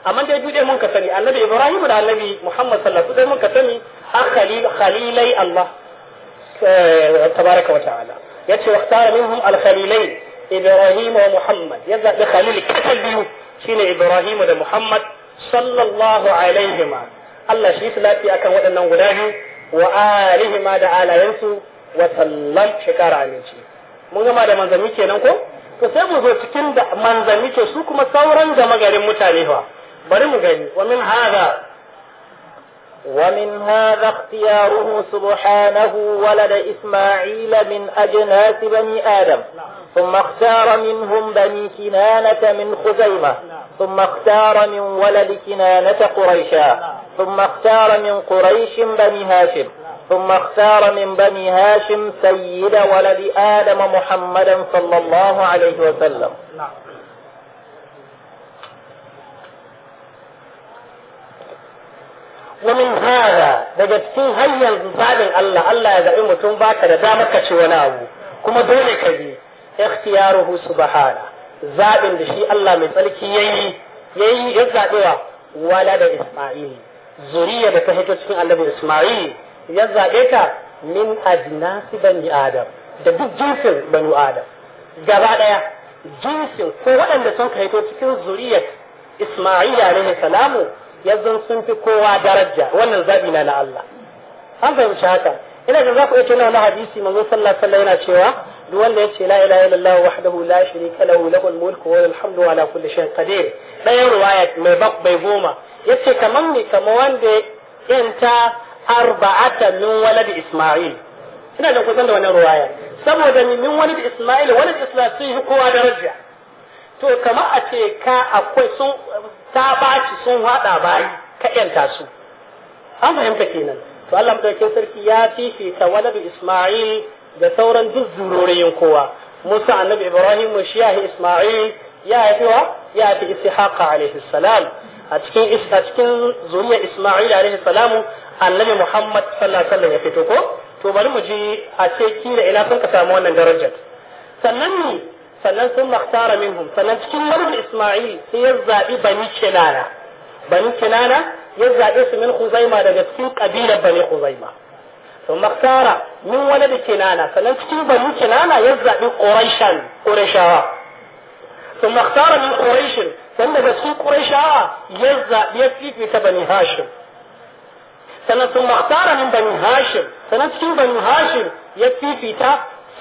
A: amma dai duk dai mun ka sani annabi ibrahim da annabi muhammad sallallahu alaihi mun ka sani khalil khalilai allah eh, tabaraka wa ta'ala yace wa khara minhum al khalilai ibrahim wa muhammad ya zabi khalil kasal biyu shine ibrahim da muhammad sallallahu alaihi ma Allah shi salati akan wadannan guda biyu wa alihi ma da alayansu wa sallam shekara aminci mun gama da manzanni kenan ko to sai mu zo cikin da manzanni ke su kuma sauran gama garin mutane fa برم mu يعني. ومن هذا ومن هذا اختياره سبحانه ولد إسماعيل من أجناس بني آدم ثم اختار منهم بني كنانة من خزيمة ثم اختار من ولد كنانة قريشا ثم اختار من قريش بني هاشم ثم اختار من بني هاشم سيد ولد آدم محمدا صلى الله عليه وسلم ومن هذا daga cikin hanyar zaɓin Allah Allah ya zaɓi mutum bata da damar ka ci wani abu kuma dole ka bi ikhtiyaruhu subhana zaɓin da shi Allah mai tsarki yayi yayi ya zaɓewa wala da Isma'il zuriya da ta hito cikin annabi Isma'il ya zaɓe ka min ajnasi bani Adam da duk jinsin bani Adam gaba ɗaya jinsin ko waɗanda sun ka hito cikin zuriyar Isma'il alaihi salamu yanzu sun fi kowa daraja wannan zabi na na Allah an fahimci haka ina ga za ku iya tuna na hadisi manzo sallallahu alaihi wasallam yana cewa duk wanda ya ce la ilaha illallah wahdahu la sharika lahu lahul mulku wa lahul hamdu ala kulli shay'in qadir dayan riwaya mai bak bai goma yace kaman ne kaman wanda yanta arba'ata min walad isma'il ina da kusan da wannan riwaya saboda min walad isma'il walad isma'il sun kowa daraja to kamar a ce ka akwai sun ta baci sun haɗa bayi ka yanta su an fahimta kenan to Allah madaukakin sarki ya fifita waladu Isma'il da sauran duk zuroriyin kowa Musa annabi Ibrahim shi ya Isma'il ya haifi wa ya haifi Ishaq alaihi salam a cikin a cikin zuriyar Isma'il alaihi salamu annabi Muhammad sallallahu alaihi wasallam ya fito ko to bari mu ji a ce kina ina sun ka samu wannan darajar sannan sannan sun maktara minhum sannan cikin wani Ismail sai ya zaɓi bani Kinana bani Kinana ya zaɓe su min Khuzaima daga cikin kabilar bani Khuzaima sun maktara min wani da Kinana sannan cikin bani Kinana ya zaɓi Quraishan Qurayshawa sun maktara min Quraishin sannan daga cikin Qurayshawa ya zaɓi ya fifita bani Hashim sannan sun maktara min bani Hashim sannan cikin bani Hashim ya fifita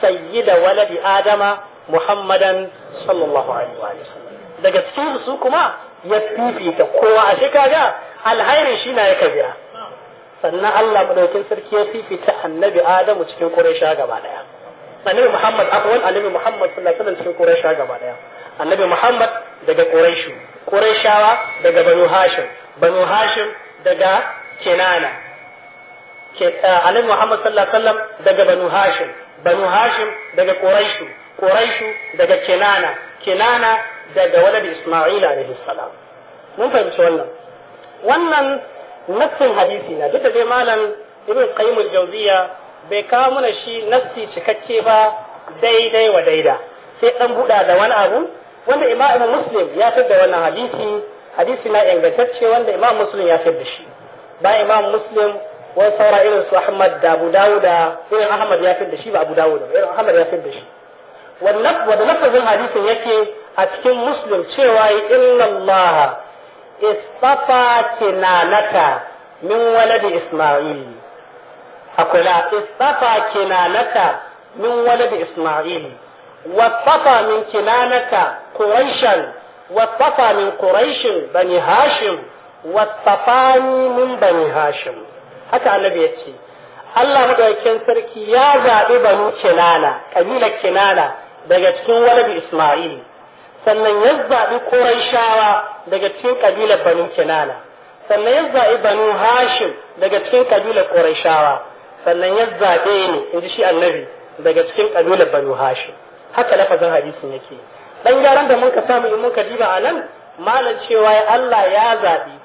A: sayyida waladi Adama muhammadan sallallahu alaihi wa sallam daga cikin su kuma ya fifita kowa a shekaga alhairin shi na ya kabira sannan Allah madaukin sarki ya fifita annabi Adamu cikin Quraysha gaba daya annabi Muhammad afwan annabi Muhammad sallallahu alaihi cikin gaba daya annabi Muhammad daga Qurayshu Qurayshawa daga Banu Hashim Banu Hashim daga Kinana Eh, annabi Muhammad sallallahu alaihi wasallam daga Banu Hashim Banu Hashim daga Quraishu Quraishu daga Kinana Kinana daga walad Isma'il alaihi salam mun fahimci wannan wannan nassin hadisi na duk da dai malam Ibn Qayyim al jawziya bai kawo mana shi nassi cikakke ba daidai wa daida sai dan buɗa da wani abu wanda Imam Muslim ya da wannan hadisi hadisi na ingantacce wanda Imam Muslim ya da shi ba Imam Muslim Wai saura irin su Ahmad da Abu Dawud da irin Ahmad ya fi da shi ba Abu Dawud ba irin Ahmad ya fi da shi wannan wanda lafazin hadisin yake a cikin Muslim cewa inna Allah istafa kinanata min waladi Isma'il la istafa kinanata min waladi Isma'il wasafa min kinanaka Quraishan wasafa min Quraishin bani Hashim wasafani min bani Hashim haka annabi ya ce Allah madaukakin sarki ya zaɓi banu kinana kabilar kinana daga cikin walabi isma'il sannan ya zaɓi quraishawa daga cikin kabila banu kinana sannan ya zaɓi banu hashim daga cikin kabila quraishawa sannan ya zaɓe ni in ji shi annabi daga cikin kabila banu hashim haka lafazin hadisin yake dan gyaran da muka samu in muka diba a nan malam cewa Allah ya zaɓi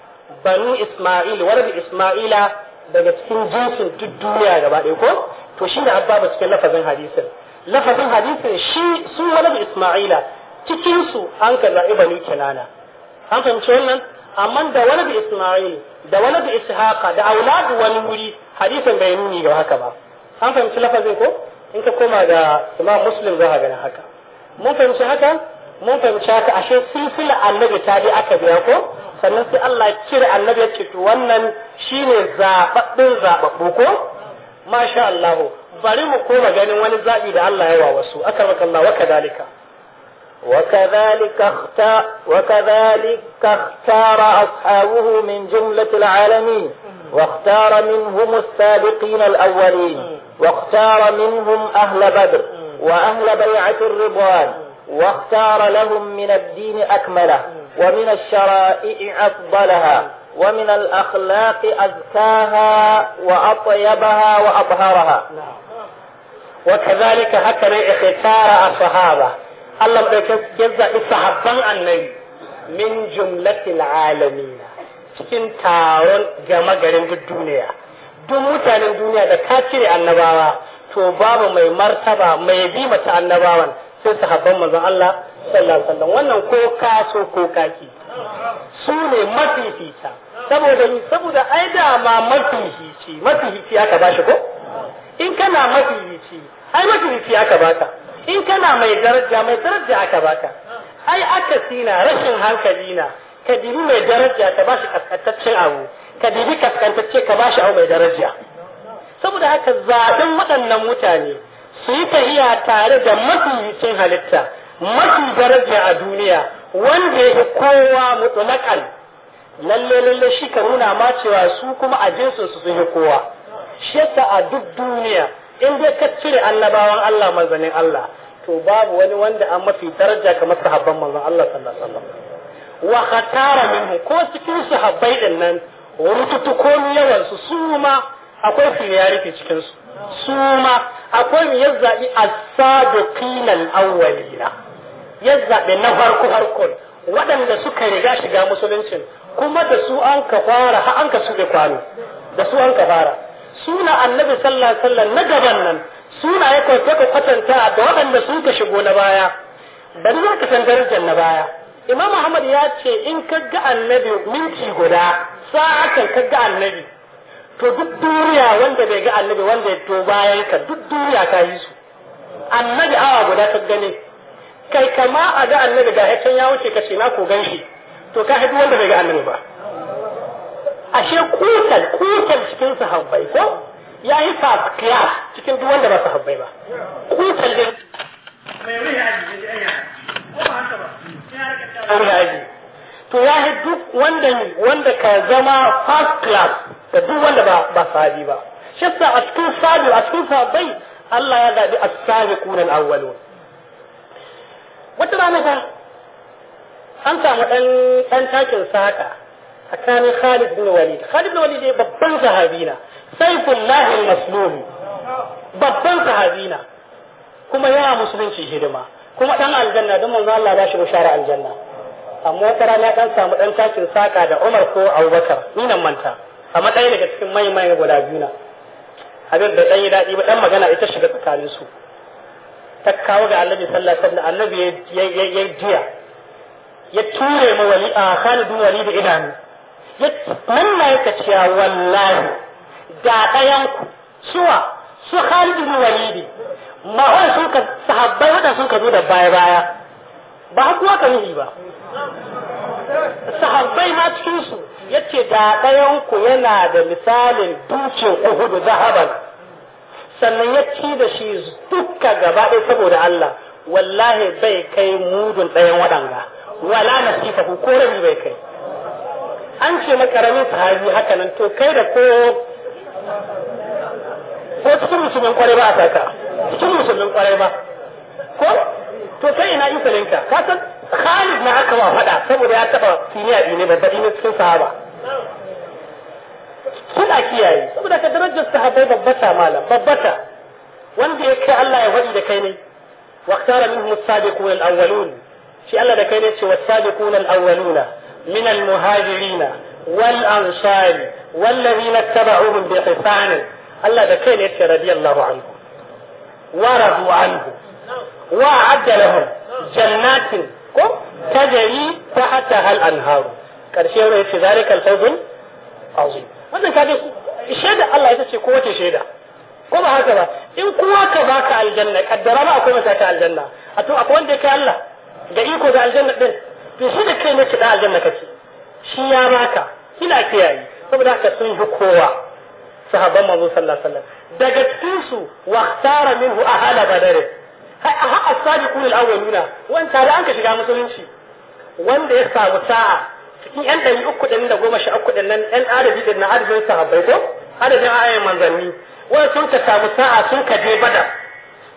A: banu Ismail walabi Ismaila daga cikin jinsin duk duniya gaba ɗaya ko to shi ne abba cikin lafazin hadisin lafazin hadisin shi su wani isma'ila cikinsu an ka zaɓi banu kinana an fahimci wannan amma da wani da isma'il da wani da ishaqa da auladu wani wuri hadisin bai nuni ga haka ba an fahimci lafazin ko in ka koma ga imam muslim za ka gani haka mun fahimci haka mun fahimci haka ashe silsila annabi ta dai aka biya ko sannan sai Allah ya cire annabi ya ce to wannan shine zababbin zababbu ko masha Allah bari mu koma ganin wani zabi da Allah ya wa wasu akaraka Allah wa kadalika وكذلك اختار وكذلك اختار أصحابه من جملة العالمين واختار منهم السابقين الأولين واختار منهم أهل بدر وأهل بيعة الرضوان واختار لهم من الدين أكمله ومن الشرائع أفضلها ومن الأخلاق أزكاها وأطيبها وأطهرها وكذلك هكذا اختار الصحابة الله جزا الصحابة النبي من جملة العالمين cikin taron gama garin duk duniya duk mutanen duniya da ka cire annabawa to babu mai martaba mai bi mata annabawan sai sahabban manzon Allah sallallahu alaihi wasallam wannan ko ka so ko ka ki su ne mafifita saboda ni saboda ai da ma mafifici mafifici aka bashi ko in kana mafifici ai mafifici aka baka in kana mai daraja mai daraja aka baka ai aka sina rashin hankali na ka dibi mai daraja ka bashi kaskantaccen abu ka dibi kaskantacce ka bashi abu mai daraja saboda haka zaɗin waɗannan mutane su yi tahiya tare da mafificin halitta mafi daraja a duniya wanda ya kowa mutulakan lalle lalle shi ka nuna ma cewa su kuma a jinsu su sun yi kowa shi yasa a duk duniya in dai ka cire annabawan Allah manzanin Allah to babu wani wanda an mafi daraja kamar sahabban manzon Allah sallallahu alaihi wa khatara minhu ko cikin sahabbai din nan rututu ko yawan su su ma akwai similarity cikin su suma akwai ya zaɓi as-sadiqinal awwalina ya zaɓi na farko harkon waɗanda suka riga shiga musuluncin kuma da su an ka fara ha an ka su kwano da su an ka fara suna annabi sallallahu alaihi wasallam na gaban nan suna ya ka kwatanta da waɗanda sun ka shigo na baya bari za ka san darajar na baya imam muhammad ya ce in ka ga annabi minti guda kan ka ga annabi to duk duniya wanda bai ga annabi wanda ya to bayan ka duk duniya ta yi su annabi awa guda ta gane kai kama a ga annabi ga hakan ya wuce ka ce na ko gan shi to ka haɗu wanda bai ga annabi ba ashe kutan kutan cikin sahabbai ko ya yi first class cikin duk wanda ba sahabbai ba kutan da
B: mai wuri ya ko ba haka ba ya rika
A: to ya duk wanda wanda ka zama first class da duk wanda ba ba sahabi ba shi yasa a cikin sahabi a cikin sahabbai Allah ya zabi as-sabiquna al-awwalun wata rana fa an samu dan dan takin saka tsakanin Khalid bin Walid Khalid bin Walid babban sahabi na Saifullah al-Maslum babban sahabi na kuma ya musulunci hidima kuma dan aljanna don manzo Allah ba shi bishara aljanna amma wata rana dan samu dan takin saka da Umar ko Abubakar ni nan manta a matsayi daga cikin mai mai guda biyu na abin da ɗan yi daɗi ba ɗan magana ita shiga tsakanin su ta kawo ga annabi sallallahu alaihi wasallam annabi ya jiya ya ture mu wali a khalidun wali da idanu ya nan na yi cewa wallahi da ɗayan ku suwa
B: su khalidun walidi ma wanda sun ka sahabbai wanda sun ka zo da baya baya ba kuwa ka nuhi ba sahabbai ma cikin su yace da ɗayan
A: ku yana da misalin dukin uhudu zahaban sannan ya ci da shi duka gaba ɗaya saboda Allah wallahi bai kai mudun ɗayan waɗanga wala nasifa ku ko rabi bai kai
B: an ce makaramin sahabi haka nan to kai da ko
A: ko cikin musulmin kwarai ba a saka cikin musulmin kwarai ba ko to kai ina isalinka ka san Khalid na aka wa faɗa saboda ya taɓa kimiyya biyu ne babbaɗi ne cikin sahaba.
B: Suna kiyaye saboda ka darajar
A: sahabai babbata malam babbata wanda ya kai Allah ya faɗi da kai ne. واختار منهم السابقون الأولون في الله ذكرت والسابقون الأولون من المهاجرين والأنصار والذين اتبعوهم بإحسان الله ذكرت رضي الله عنه ورضوا عنه وأعد لهم جنات ko tajari ta hatta hal anharu karshe ya ce zalikal fawzul azim wannan kaje shaida Allah ya ce ko kowace shaida ko ba haka ba in kowa ka baka aljanna kaddara ba akwai mata aljanna a to akwai wanda kai Allah da iko da aljanna din to shi da kai ne ki da aljanna kace shi ya baka kina kiyaye saboda haka sun fi kowa sahabban manzo sallallahu alaihi wasallam daga cikin su waqtara minhu ahala badar kai a haka sabiqun al-awwaluna wan tare an ka shiga musulunci wanda ya samu sa'a cikin yan ɗari uku ɗin da goma sha uku ɗin nan yan adadi ɗin na adadin sahabbai ko adadin ayoyin manzanni wani sun ka samu sa'a sun ka je bada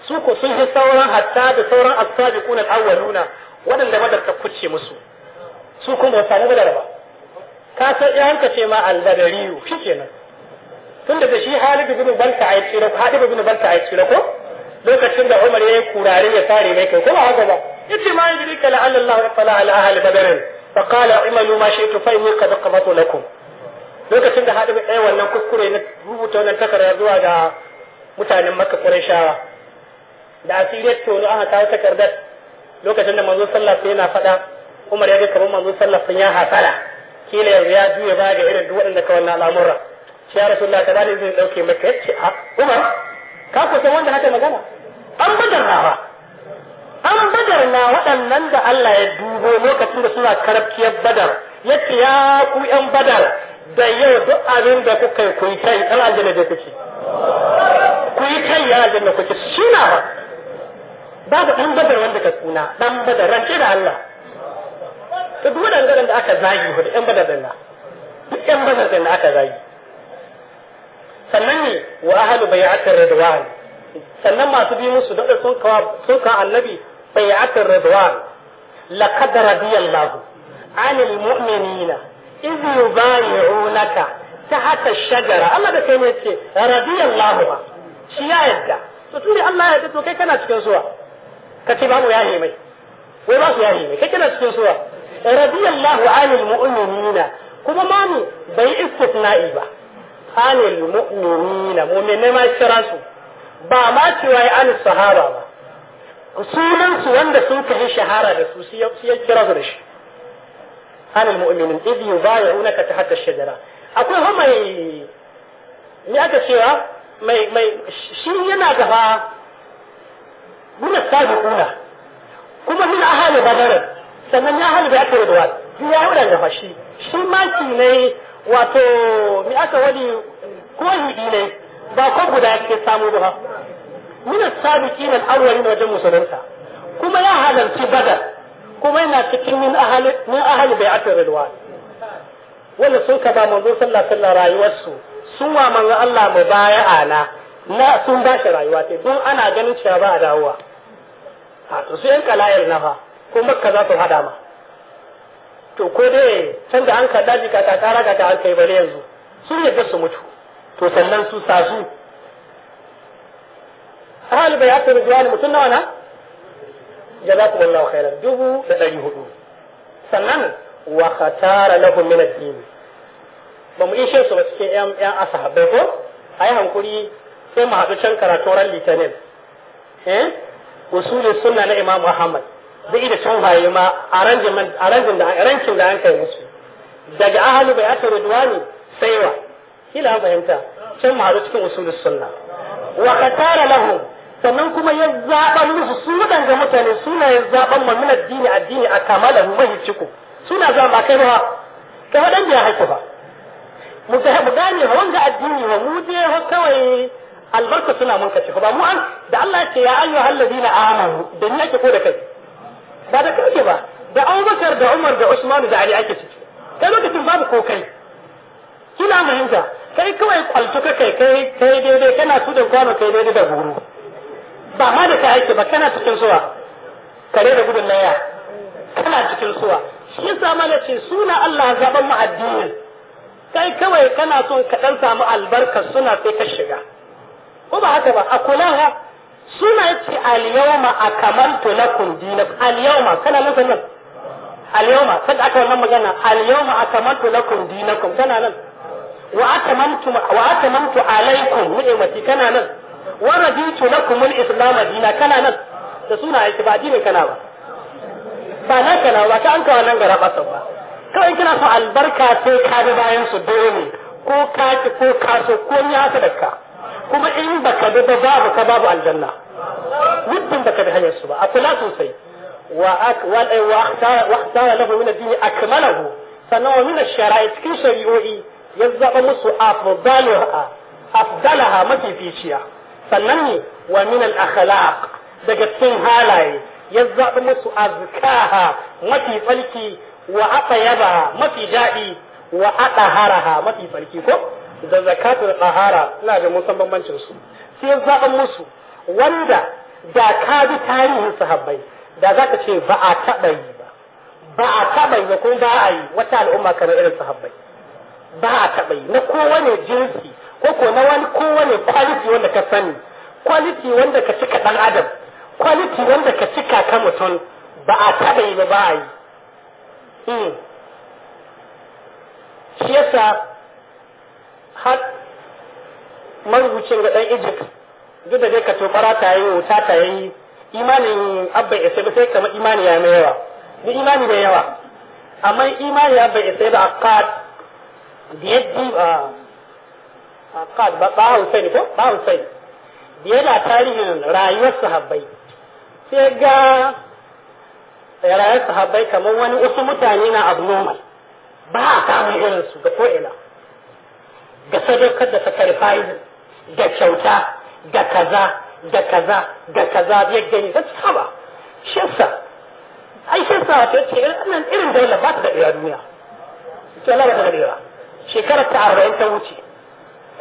A: su ko sun fi sauran hatta da sauran asabi sabiqun al-awwaluna waɗanda badar ta kuce musu su kuma ba samu badar ba ka san yan ka ce ma al-badariyu shikenan tunda da shi Halid ibn Balka ayi tsira Halid ibn Balka ayi tsira ko lokacin da Umar ya yi kurare ya sare mai kai kuma haka ba yace ma yudrika la Allah fala ala ahli badr fa qala imalu ma shi'tu fa inni qad lakum lokacin da hadu ɗaya wannan kuskure na rubuta wannan takarda zuwa ga mutanen Makka Quraishawa da asiriyar tono aka kawo takardar lokacin da manzo sallallahu alaihi yana faɗa Umar ya ga kamar manzo sallallahu alaihi ya hasala kila yanzu ya juya baya ga irin duk waɗanda ka wannan al'amura shi ya rasulullahi ta da dauke maka yace a ah, Umar ka ku san wanda haka magana an na ba an na waɗannan da Allah ya dubo lokacin da suna karabciyar badar ya ce ya ku yan badar da yau duk abin da kuka yi kun kai ɗan aljanna da kuke ku yi kai ya aljanna kuke suna ba da dan badar wanda ka suna dan badar rance da Allah
B: to duk waɗannan
A: da aka zagi da yan badar da duk yan badar da aka zagi sannan ne wa ahlu bai'atir ridwan sannan masu bi musu da sun kawo sun kawo annabi bai'atir ridwan laqad radiyallahu anil mu'minina idh yubayi'unaka tahta ash-shajara Allah da kai ne ce radiyallahu ba shi ya yadda to tunda Allah ya yadda to kai kana cikin suwa ka ce babu yahi mai wai ba su yahi mai kai kana cikin suwa radiyallahu anil mu'minina kuma ma ni bai istisna'i ba anil mu'minina mu'minai ma kira su ba ma cewa ya anil sahaba ba sunan su wanda sun kai shahara da su sai ya kira su da shi anil mu'minin idh yubayyi'unaka tahta ash-shajara akwai ho mai ni aka cewa mai mai shi yana gaba muna sabiquna kuma min ahali badar sannan ya ahali da aka yi da wa ya yi wadanda fashi shi maki ne wato mi aka wani kohidi ne ba ko guda ke samu ba muna as-sabiqin al na wajen musulunta kuma ya halarci badar kuma yana cikin min ahali min ahali bai'atul wanda sun ka ba manzo sallallahu alaihi rayuwarsu sun wa manzo Allah mubaya'a na na sun ba shi rayuwa ta don ana ganin cewa ba a dawowa a to sai yan kalayar na fa kuma ka za su hada ma to ko dai can da an ka daji ka kara ka an kai bare yanzu sun yadda su mutu to sannan su sa su ahal bai aka rijuwa ne mutum nawa na jazakumullahu khairan dubu da ɗari hudu sannan wa khatara lahum min ad-din ba mu ishe su ba cikin yan yan ashabai ko ai hankuri sai mu haɗu can karatu ran litinin eh usulul sunna na imam muhammad. zai da sun haye ma a rankin da an kai musu daga ahalu bai aka ridwani sai ne kila fahimta can mu cikin usulus sunna wa qatara lahum sannan kuma ya zaɓa musu su waɗanda mutane suna ya zaɓan min addini addini a kamala mu mai ciko suna zaɓa kai ba kai waɗanda ya haiku ba mu ga mu gane wanga addini wa mu je kawai albarka suna mun kace ba mu an da Allah ya ce ya ayyuhal ladina amanu da ni ake ko da kai ba da kai ba da Abubakar da Umar da Usman da Ali ake ciki kai lokacin babu ko kai kina mahimta kai kawai kwaltuka ka kai kai kai daidai kana su da kwano kai daidai da guru ba ma da kai ake ba kana cikin suwa kare da gudun laya kana cikin suwa shi yasa mana ce suna Allah zaban mu addini kai kawai kana son ka dan samu albarka suna sai ka shiga ko ba haka ba a kulawa. suna ce al a akamaltu na dinakum al kana nan nan al-yawma sai aka wannan magana al-yawma akamaltu lakum dinakum kana nan wa atamamtu wa atamamtu alaykum ni'mati kana nan wa raditu lakum al-islam dina kana nan da suna yake ba dine kana ba ba na kana ba ka an kawo nan gara ba ba kawai kina so albarka sai ka bi bayan su dole ko ka ko ka so ko ni haka da ka kuma in baka bi ba babu ka babu aljanna muddin baka bi hanyar su ba a kula sosai wa eh, akhtara lahu min ad-din akmalahu sannan min ash-shara'i cikin shari'o'i ya zaba musu afdaluha afdalaha mafi ficiya sannan ne wa min al-akhlaq daga cikin halaye ya zaba musu azkaha mafi tsarki wa aqyaba mafi dadi wa adaharaha mafi tsarki ko da zakatu da tsahara suna da musan bambancin su sai zaɓan musu wanda da ka bi tarihin sahabbai da za ka ce ba a taɓa yi ba ba a taɓa yi ba kuma ba a yi wata al'umma kamar irin sahabbai ba a taɓa yi na kowane jinsi ko ko na wani kowane kwaliti wanda ka sani kwaliti wanda ka cika ɗan adam kwaliti wanda ka cika ka mutum ba a taɓa yi ba ba a yi hmm. shi yasa har marubucin ga ɗan egypt duk da dai ka tofara ta yi wuta ta yi imanin abba isa sai kama imani ya mai yawa duk imani da yawa amma imani abba bai isa ba akkad da ya a ah, akkad ba ba ne ko ba hausain da yana tarihin rayuwar sahabbai sai ga rayuwar sahabbai kamar wani wasu mutane na abnormal ba a samun irinsu ga ko'ina Ga sadaukar da sacrifice da kyauta da kaza da kaza da kaza ya gani ta saba shi yasa ai shi yasa ta ce irin da daula ba ta da iya duniya to Allah ba ta da iya shekarar ta arba'in ta wuce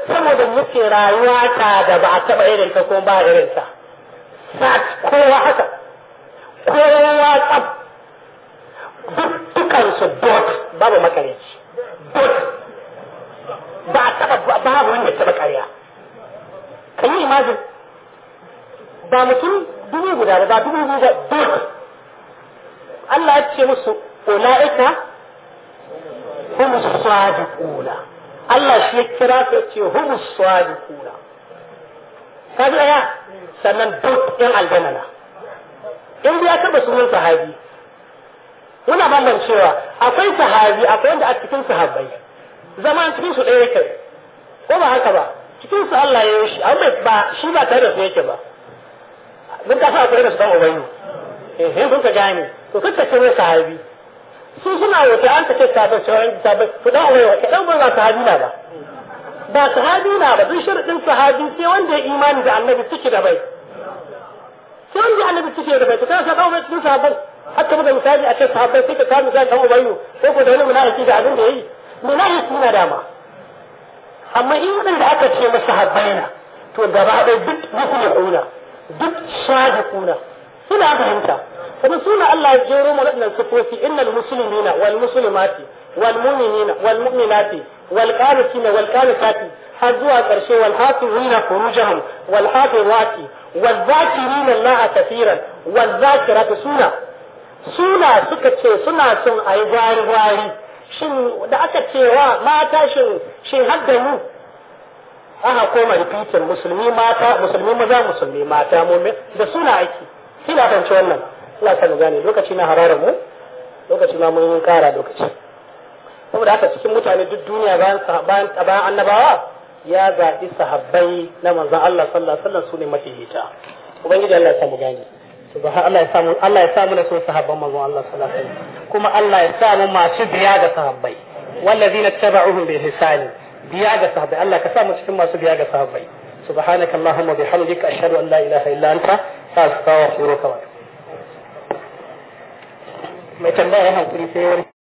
A: saboda muke rayuwa ta da ba a taba irin ta ko ba irin ta sa kowa haka kowa tsab dukkan su dot babu makarici dot ba a taba babu wanda taba karya. kan yi imajin ba mutum dubu guda ba dubu guda ba duk Allah ya ce musu ula'ika
B: hum kula.
A: Allah shi ya kira su ce hum sadiquna kaji aya sannan duk yan aljanna na in ya taba sunan sahabi muna bambancewa akwai sahabi akwai wanda a cikin sahabbai zaman cikin su ɗaya kai ko ba haka ba cikin su Allah ya yi shi amma ba shi ba tare da su yake ba mun kasa akwai da su dan ubangi eh eh kun ka gane to kanta ce mai sahabi su suna wata an ta ce ta bace wani ta bace ku dan ubangi ka dan ba sahabi na ba ba sahabi na ba duk sharadin sahabi sai wanda ya imani da annabi ciki da bai sai wanda annabi ciki da bai to kana ka kawai cikin sahabbai haka muka misali a ce sahabbai sai ka kawo misali dan ubangi ko ko da wani munafiki da abin da yayi munafiki na dama amma in waɗanda aka ce masa habbaina to gaba da duk musulmuna duk shahikuna suna fahimta kuma suna Allah ya jero mu waɗannan sifofi innal muslimina wal muslimati wal mu'minina wal mu'minati wal qanitina wal qanitati har zuwa ƙarshe wal hafizina furujahum wal hafizati wal zakirina Allah kaseeran wal zakiratu suna suna suka ce suna son ayi gwari gwari shin da aka cewa mata shin shin hadda mu aka koma rikitin musulmi mata musulmi maza musulmi mata mumin da suna aiki kina ci wannan Allah sani gane lokaci na hararar mu lokaci ma mun kara lokaci saboda haka cikin mutane duk duniya bayan sahabban bayan annabawa ya zaɓi sahabbai na manzon Allah sallallahu alaihi wasallam su ne mafi hita ubangiji Allah ya samu gane subhan Allah ya samu Allah ya samu nasu son sahabban manzon Allah sallallahu alaihi wasallam kuma Allah ya samu masu biya ga sahabbai wallazina tabauhum bi ihsani biya ga sahabbai Allah ka samu cikin masu biya ga sahabbai subhanaka allahumma bihamdika ashhadu an la ilaha illa anta astaghfiruka wa atubu
B: mai tambaya hankuri sai